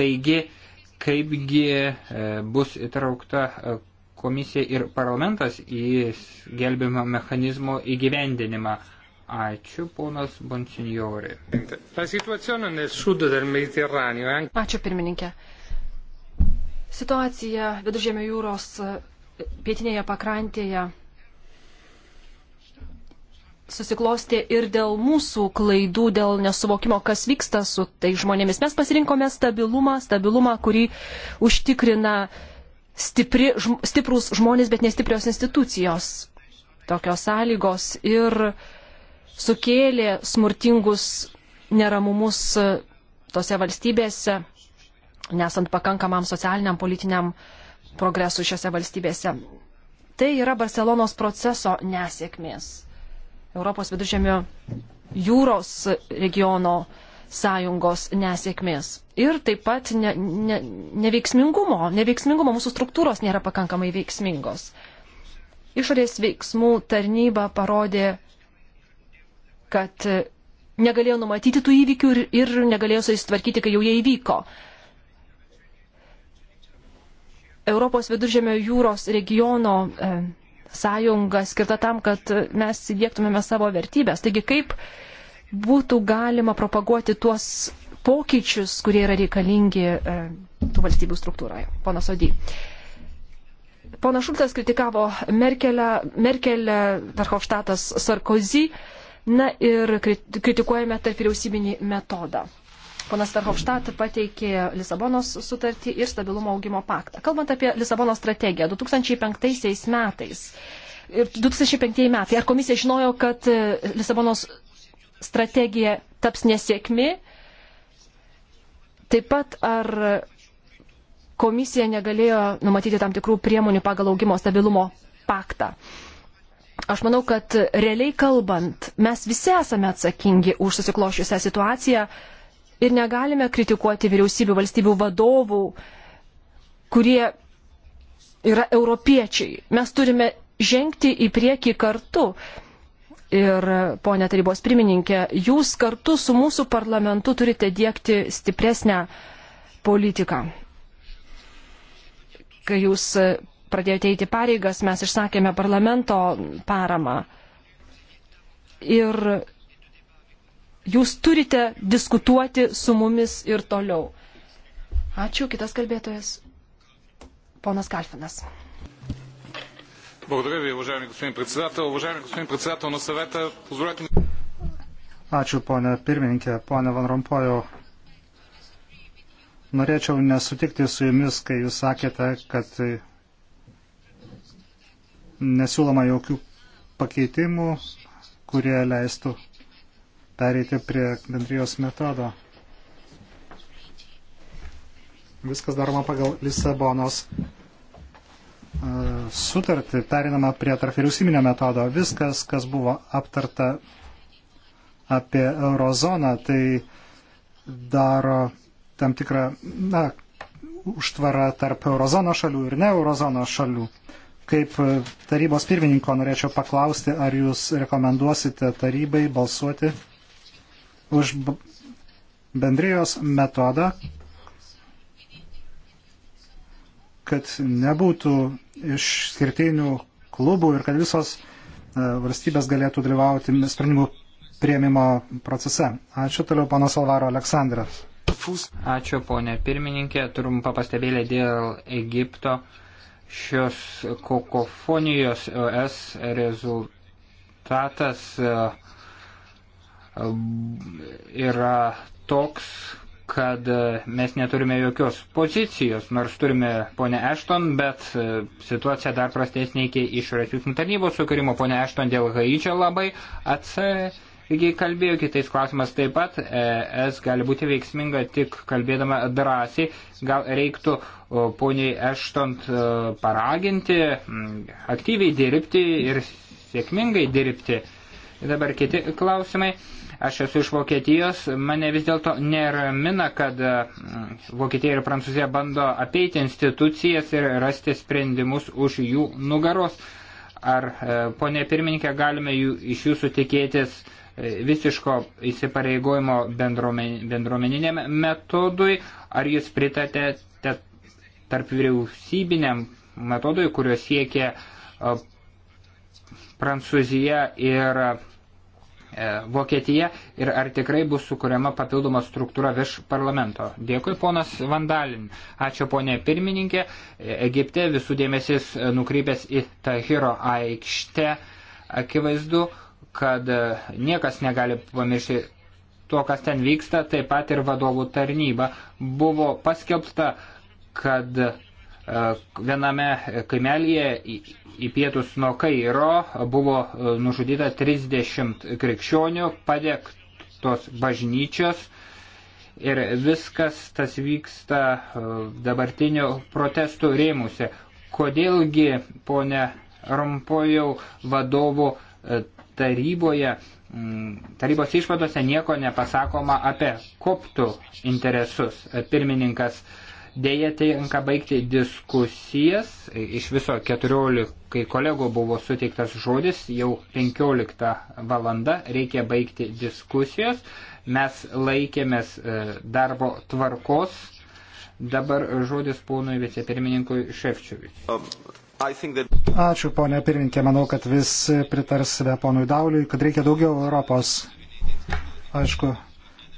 Taigi, kaipgi e, bus įtraukta komisija ir parlamentas į gelbėjimo mechanizmo įgyvendinimą. Ačiū, ponas Bonsignori. Ačiū, pirmininkė. Situacija Viduržėmio jūros e, pietinėje pakrantėje susiklostė ir dėl mūsų klaidų, dėl nesuvokimo, kas vyksta su tai žmonėmis. Mes pasirinkome stabilumą, stabilumą, kurį užtikrina stipri, žm, stiprus žmonės, bet nestiprios institucijos. Tokios sąlygos ir uh, sukėlė smurtingus neramumus e, tose valstybėse, nesant pakankamam socialiniam, politiniam progresui šiose valstybėse. Tai yra Barcelonos proceso nesėkmės. Europos viduržėmio jūros regiono sąjungos nesėkmės. Ir taip pat ne, ne, neveiksmingumo, neveiksmingumo mūsų struktūros nėra pakankamai veiksmingos. Išorės veiksmų tarnyba parodė kad e, negalėjo numatyti tų įvykių ir, ir negalėjo su jais tvarkyti, kai jau jie įvyko. Europos viduržėmio jūros regiono e, sąjunga skirta tam, kad e, mes įdėktumėme savo vertybės. Taigi kaip būtų galima propaguoti tuos pokyčius, kurie yra reikalingi e, tų valstybių struktūroje. Pana Sodį. Pana Šultas kritikavo Merkelę, Merkelę Verhofštatas Sarkozy. E, Na ir kritikuojame tarp vyriausybinį metodą. Ponas Verhofstadt pateikė Lisabonos sutartį ir stabilumo augimo paktą. Kalbant apie Lisabonos strategiją, 2005 metais. Ir 2005 metai. Ar komisija žinojo, kad e, Lisabonos strategija taps nesėkmi? Taip pat ar komisija negalėjo numatyti tam tikrų priemonių pagal augimo stabilumo paktą? Aš manau, kad realiai kalbant, mes visi esame atsakingi už susiklošiusią situaciją ir negalime kritikuoti vyriausybių, valstybių vadovų, kurie yra europiečiai. Mes turime žengti į priekį kartu. Ir, ponė tarybos pirmininkė, jūs kartu su mūsų parlamentu turite dėkti stipresnę politiką. Kai jūs pradėjote eiti pareigas, mes išsakėme parlamento paramą. Ir jūs turite diskutuoti su mumis ir toliau. Ačiū, kitas kalbėtojas. Ponas Kalfinas. Благодаря ви, уважаеми господин председател. Уважаеми господин председател на съвета, позволете ми... Ačiū, ponė pirmininkė, ponė Van Rompojo. Norėčiau nesutikti su jumis, kai jūs sakėte, kad nesiūloma jokių pakeitimų, kurie leistų pereiti prie bendrijos metodo. Viskas daroma pagal Lisabonos e, sutartį, perinama prie tarp vyriausybinio metodo. Viskas, kas buvo aptarta apie eurozoną, tai daro tam tikrą na, užtvarą tarp eurozono šalių ir ne eurozono šalių. Kaip e, tarybos pirmininko norėčiau paklausti, ar jūs rekomenduosite tarybai balsuoti už bendrijos metodą, kad nebūtų išskirtinių klubų ir kad visos e, valstybės galėtų dalyvauti sprendimų prieimimo procese. Ačiū toliau, panas Alvaro Aleksandras. Ačiū, ponė pirmininkė. Trumpa pastebėlė dėl Egipto. Uh, Šios kokofonijos ES rezultatas e, yra toks, kad e, mes neturime jokios pozicijos, nors turime ponę Ešton, bet e, situacija dar prastesnė iki išorės jūsų tarnybos sukūrimo. Pone Ešton dėl Haičio labai atsakė Ji kalbėjo kitais klausimas taip pat, es gali būti veiksminga tik kalbėdama drąsiai. Gal reiktų poniai Eštont paraginti, aktyviai dirbti ir sėkmingai dirbti. Dabar kiti klausimai. Aš esu iš Vokietijos. Mane vis dėlto neramina, kad Vokietija ir Prancūzija bando apeiti institucijas ir rasti sprendimus už jų nugaros. Ar, e, ponė pirmininkė, galime jų, iš jūsų tikėtis visiško įsipareigojimo bendruomeniniam metodui, ar jūs pritatėte tarp vyriausybiniam metodui, kurio siekia Prancūzija ir Vokietija ir ar tikrai bus sukuriama papildoma struktūra virš parlamento. Dėkui, ponas Vandalin. Ačiū, ponė pirmininkė. Egipte visų dėmesys nukrypęs į Tahiro aikštę. Akivaizdu, kad e, niekas negali pamiršti to, kas ten vyksta, taip pat ir vadovų tarnyba. Buvo paskelbta, kad e, viename kaimelyje į pietus nuo Kairo buvo e, nužudyta 30 krikščionių, padėktos bažnyčios ir viskas tas vyksta dabartinių protestų rėmuose. Kodėlgi, ponė Rompojau, vadovų taryboje, mm, tarybos išvadose nieko nepasakoma apie koptų interesus. Pirmininkas dėja tenka baigti diskusijas, iš viso 14 kolegų buvo suteiktas žodis, jau 15 valanda reikia baigti diskusijos. Mes laikėmės e, darbo tvarkos. Dabar žodis ponui vicepirmininkui Ševčiuviui. Um, that... Ačiū, ponė pirminkė. Manau, kad visi pritarsime ponui Dauliui, kad reikia daugiau Europos. Aišku,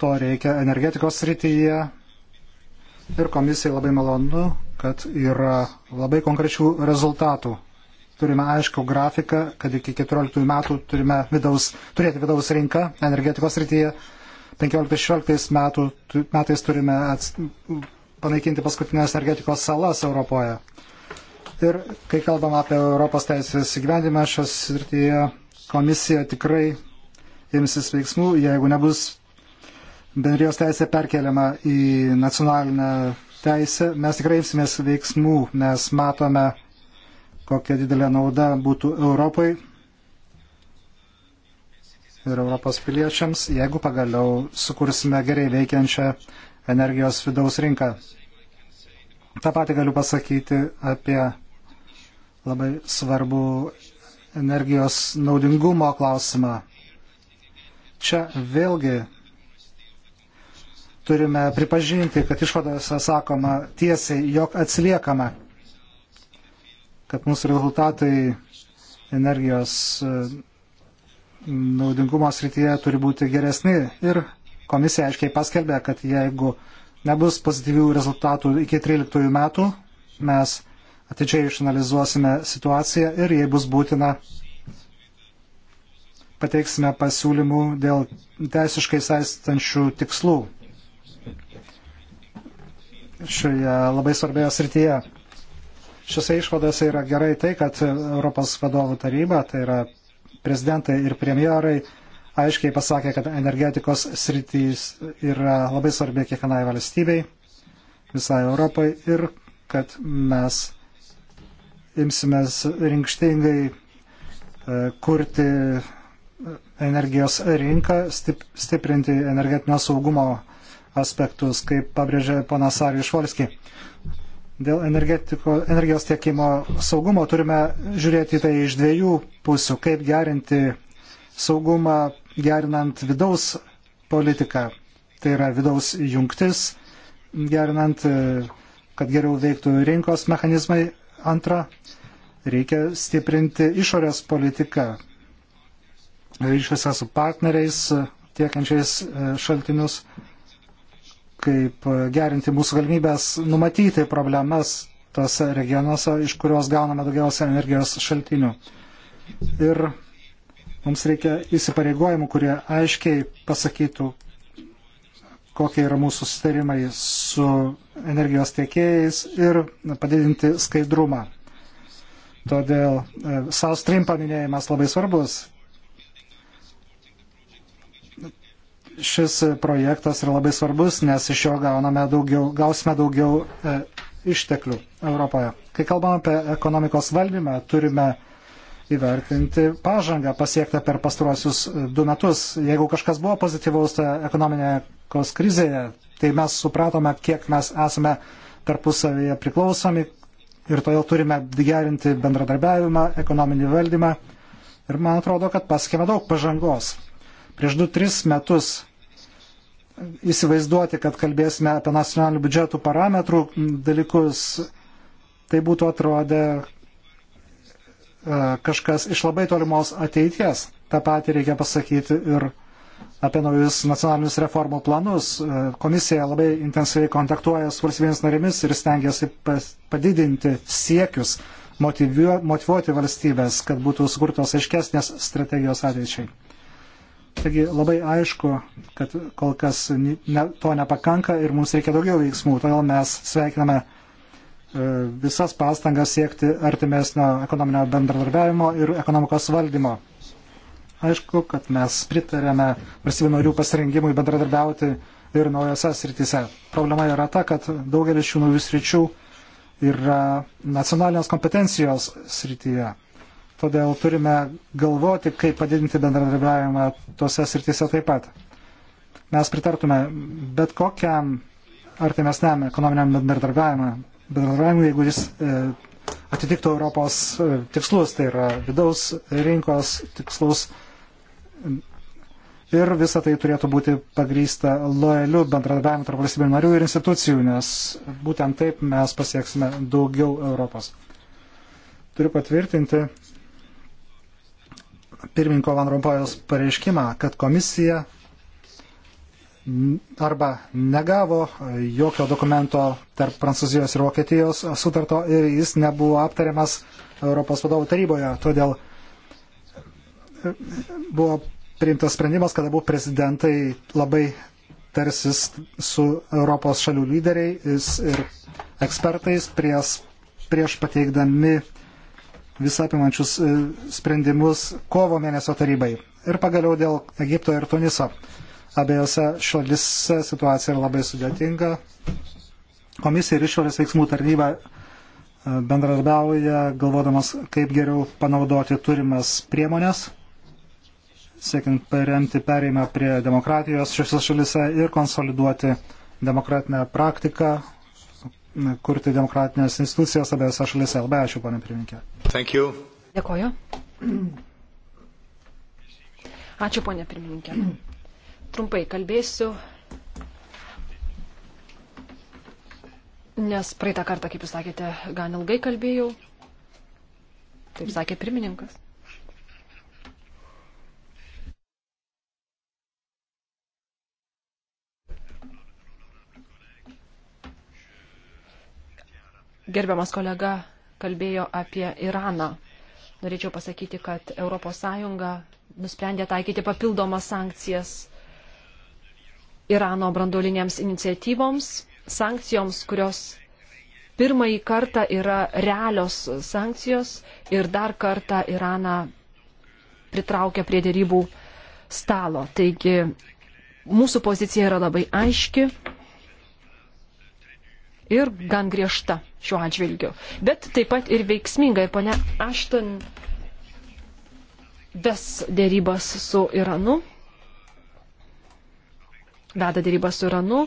to reikia energetikos srityje. Ir komisijai labai malonu, kad yra labai konkrečių rezultatų. Turime aišku grafiką, kad iki 14 metų turime vidaus, turėti vidaus rinką energetikos srityje. 15-16 metų, metais turime ats, panaikinti paskutinės energetikos salas Europoje. Ir kai kalbam apie Europos teisės įgyvendimą šios srityje, komisija tikrai imsis veiksmų, jeigu nebus bendrijos teisė perkeliama į nacionalinę teisę, mes tikrai imsimės veiksmų, nes matome, kokia didelė nauda būtų Europai ir Europos piliečiams, jeigu pagaliau sukursime gerai veikiančią energijos vidaus rinką. Ta pati galiu pasakyti apie labai svarbu energijos naudingumo klausimą. Čia vėlgi turime pripažinti, kad išvadose sakoma tiesiai, jog atsiliekame, kad mūsų rezultatai energijos e, naudingumo srityje turi būti geresni ir komisija aiškiai paskelbė, kad jeigu nebus pozityvių rezultatų iki 13 metų, mes Atičiai išanalizuosime situaciją ir jei bus būtina, pateiksime pasiūlymų dėl teisiškai saistančių tikslų šioje labai svarbioje srityje. Šiose išvadose yra gerai tai, kad Europos vadovų taryba, tai yra prezidentai ir premjerai, aiškiai pasakė, kad energetikos sritys yra labai svarbi kiekvienai valstybei, visai Europai ir kad mes imsimės rinkštingai e, kurti e, energijos rinką, stiprinti energetinio saugumo aspektus, kaip pabrėžė ponas Arijus Volski. Dėl energijos tiekimo saugumo turime žiūrėti tai iš dviejų pusių, kaip gerinti saugumą, gerinant vidaus politiką, tai yra vidaus jungtis, gerinant, e, kad geriau veiktų rinkos mechanizmai Antra, reikia stiprinti išorės politiką, ryšiuose su partneriais, e, tiekiančiais e, šaltinius, kaip e, gerinti mūsų galimybės numatyti problemas tose regionuose, iš kurios gauname daugiausia energijos šaltinių. Ir mums reikia įsipareigojimų, kurie aiškiai pasakytų, kokie yra mūsų sustarimai su energijos tiekėjais ir padidinti skaidrumą. Todėl e, South Stream paminėjimas labai svarbus. Šis projektas yra labai svarbus, nes iš jo daugiau, gausime daugiau e, išteklių Europoje. Kai kalbame apie ekonomikos valdymą, turime įvertinti pažangą pasiektą per pastruosius e, du metus. Jeigu kažkas buvo pozityvaus tą ekonominėkos krizėje, tai mes supratome, kiek mes esame tarpusavėje priklausomi ir todėl turime gerinti bendradarbiavimą, ekonominį valdymą. Ir man atrodo, kad pasiekėme daug pažangos. Prieš 2-3 metus įsivaizduoti, kad kalbėsime apie nacionalinių biudžetų parametrų dalykus, tai būtų atrodę E, kažkas iš labai tolimos ateities. Ta pati reikia pasakyti ir apie naujus nacionalinius reformų planus. E, komisija labai intensyviai kontaktuoja su valstybėmis narėmis ir stengiasi padidinti siekius, motivuoti valstybės, kad būtų sukurtos aiškesnės strategijos ateičiai. Taigi labai aišku, kad kol kas ne, to nepakanka ir mums reikia daugiau veiksmų, todėl mes sveikiname E, visas pastangas siekti artimesnio ekonominio bendradarbiavimo ir ekonomikos valdymo. Aišku, kad mes pritarėme valstybių narių pasirengimui bendradarbiauti ir naujose srityse. Problema yra ta, kad daugelis šių naujų sričių yra nacionalinės kompetencijos srityje. Todėl turime galvoti, kaip padidinti bendradarbiavimą tose srityse taip pat. Mes pritartume bet kokiam artimesniam ekonominiam bendradarbiavimui bendradarbiavimu, jeigu jis e, atitiktų Europos e, tikslus, tai yra vidaus rinkos tikslus. Ir visa tai turėtų būti pagrysta lojaliu bendradarbiavimu tarp valstybių narių ir institucijų, nes būtent taip mes pasieksime daugiau Europos. Turiu patvirtinti pirmininko Van Rompojos pareiškimą, kad komisija arba negavo jokio dokumento tarp Prancūzijos ir Vokietijos sutarto ir jis nebuvo aptariamas Europos vadovų taryboje. Todėl e, buvo priimtas sprendimas, kad abu prezidentai labai tarsis su Europos šalių lyderiais ir ekspertais prieš, prieš pateikdami visapimančius e, sprendimus kovo mėnesio tarybai. Ir pagaliau dėl Egipto ir Tuniso. Abiejose šalise situacija yra labai sudėtinga. Komisija ir išorės veiksmų tarnyba e, bendradarbiauja, galvodamas, kaip geriau panaudoti turimas priemonės, siekiant paremti pereimą prie demokratijos šiose šalise ir konsoliduoti demokratinę praktiką, kurti demokratinės institucijas abiejose šalise. Labai ačiū, ponė pirmininkė. Dėkoju. Ačiū, ponė pirmininkė trumpai kalbėsiu, nes praeitą kartą, kaip jūs sakėte, gan ilgai kalbėjau. Taip sakė pirmininkas. Gerbiamas kolega kalbėjo apie Iraną. Norėčiau pasakyti, kad ES nusprendė taikyti papildomas sankcijas Irano brandolinėms iniciatyvoms, sankcijoms, kurios pirmąjį kartą yra realios sankcijos ir dar kartą Iraną pritraukia prie dėrybų stalo. Taigi mūsų pozicija yra labai aiški ir gan griežta šiuo atžvilgiu, bet taip pat ir veiksminga. Ir ponia Ašton ves dėrybas su Iranu veda dėrybą su Iranu.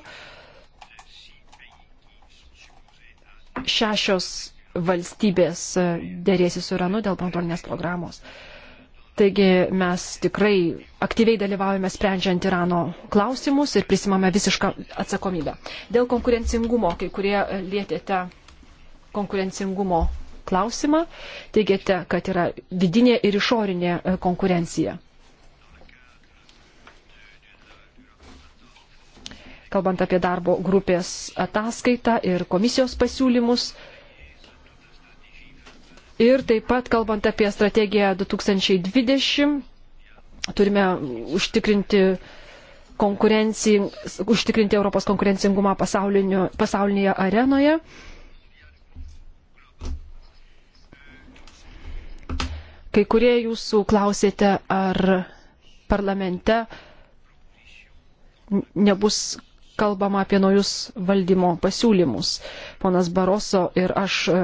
Šešios valstybės dėrėsi su Iranu dėl branduolinės programos. Taigi mes tikrai aktyviai dalyvaujame sprendžiant Irano klausimus ir prisimame visišką atsakomybę. Dėl konkurencingumo, kai kurie lietėte konkurencingumo klausimą, teigiate, kad yra vidinė ir išorinė konkurencija. kalbant apie darbo grupės ataskaitą ir komisijos pasiūlymus. Ir taip pat, kalbant apie strategiją 2020, turime užtikrinti užtikrinti Europos konkurencingumą pasaulinėje arenoje. Kai kurie jūsų klausėte, ar parlamente nebus kalbama apie naujus valdymo pasiūlymus. Ponas Baroso ir aš e,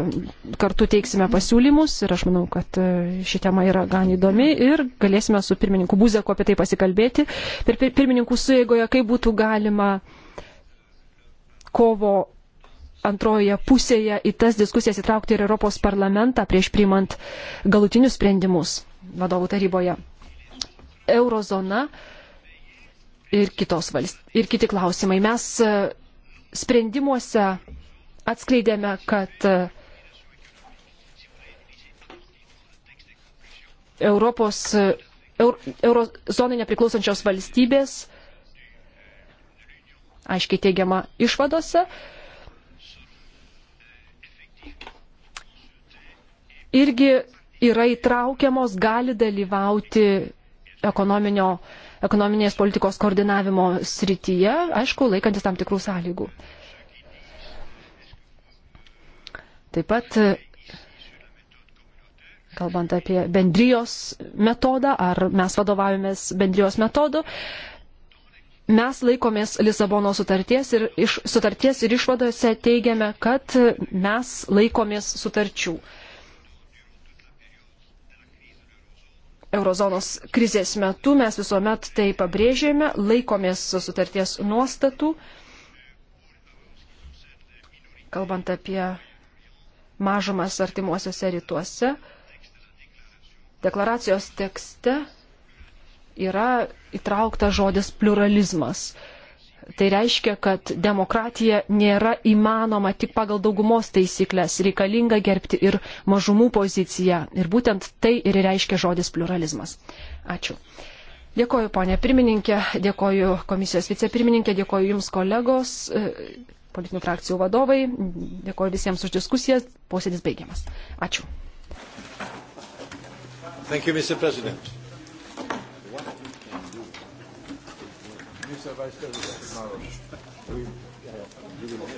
kartu teiksime pasiūlymus ir aš manau, kad e, ši tema yra gan įdomi ir galėsime su pirmininku Buzeku apie tai pasikalbėti. Per pirmininkų suėgoje, kaip būtų galima kovo antrojoje pusėje į tas diskusijas įtraukti ir Europos parlamentą prieš priimant galutinius sprendimus vadovų taryboje. Eurozona uh, ir, valst... ir kiti klausimai. Mes e, sprendimuose atskleidėme, kad e, Europos, e, eurozonai nepriklausančios valstybės, aiškiai teigiama išvadose, irgi yra įtraukiamos, gali dalyvauti ekonominio uh, ekonominės politikos koordinavimo srityje, aišku, laikantis tam tikrų sąlygų. Taip pat, kalbant apie bendrijos metodą, ar mes vadovaujamės bendrijos metodu, mes laikomės Lisabono sutarties ir, iš, sutarties ir išvadose teigiame, kad mes laikomės sutarčių. Uh, Eurozonos krizės metu mes visuomet tai pabrėžėme, laikomės sutarties nuostatų, kalbant apie mažumas artimuosiuose rytuose. Deklaracijos tekste yra įtraukta žodis pluralizmas. Tai reiškia, kad demokratija nėra įmanoma tik pagal daugumos taisyklės, reikalinga gerbti ir mažumų poziciją. Ir būtent tai ir reiškia žodis pluralizmas. Ačiū. Dėkoju, ponė pirmininkė, dėkoju komisijos vicepirmininkė, dėkoju Jums kolegos, e, politinių frakcijų vadovai, dėkoju visiems už diskusijas, posėdis baigiamas. Ačiū. Thank you, Mr. President. Vice Président. Oui. Alors,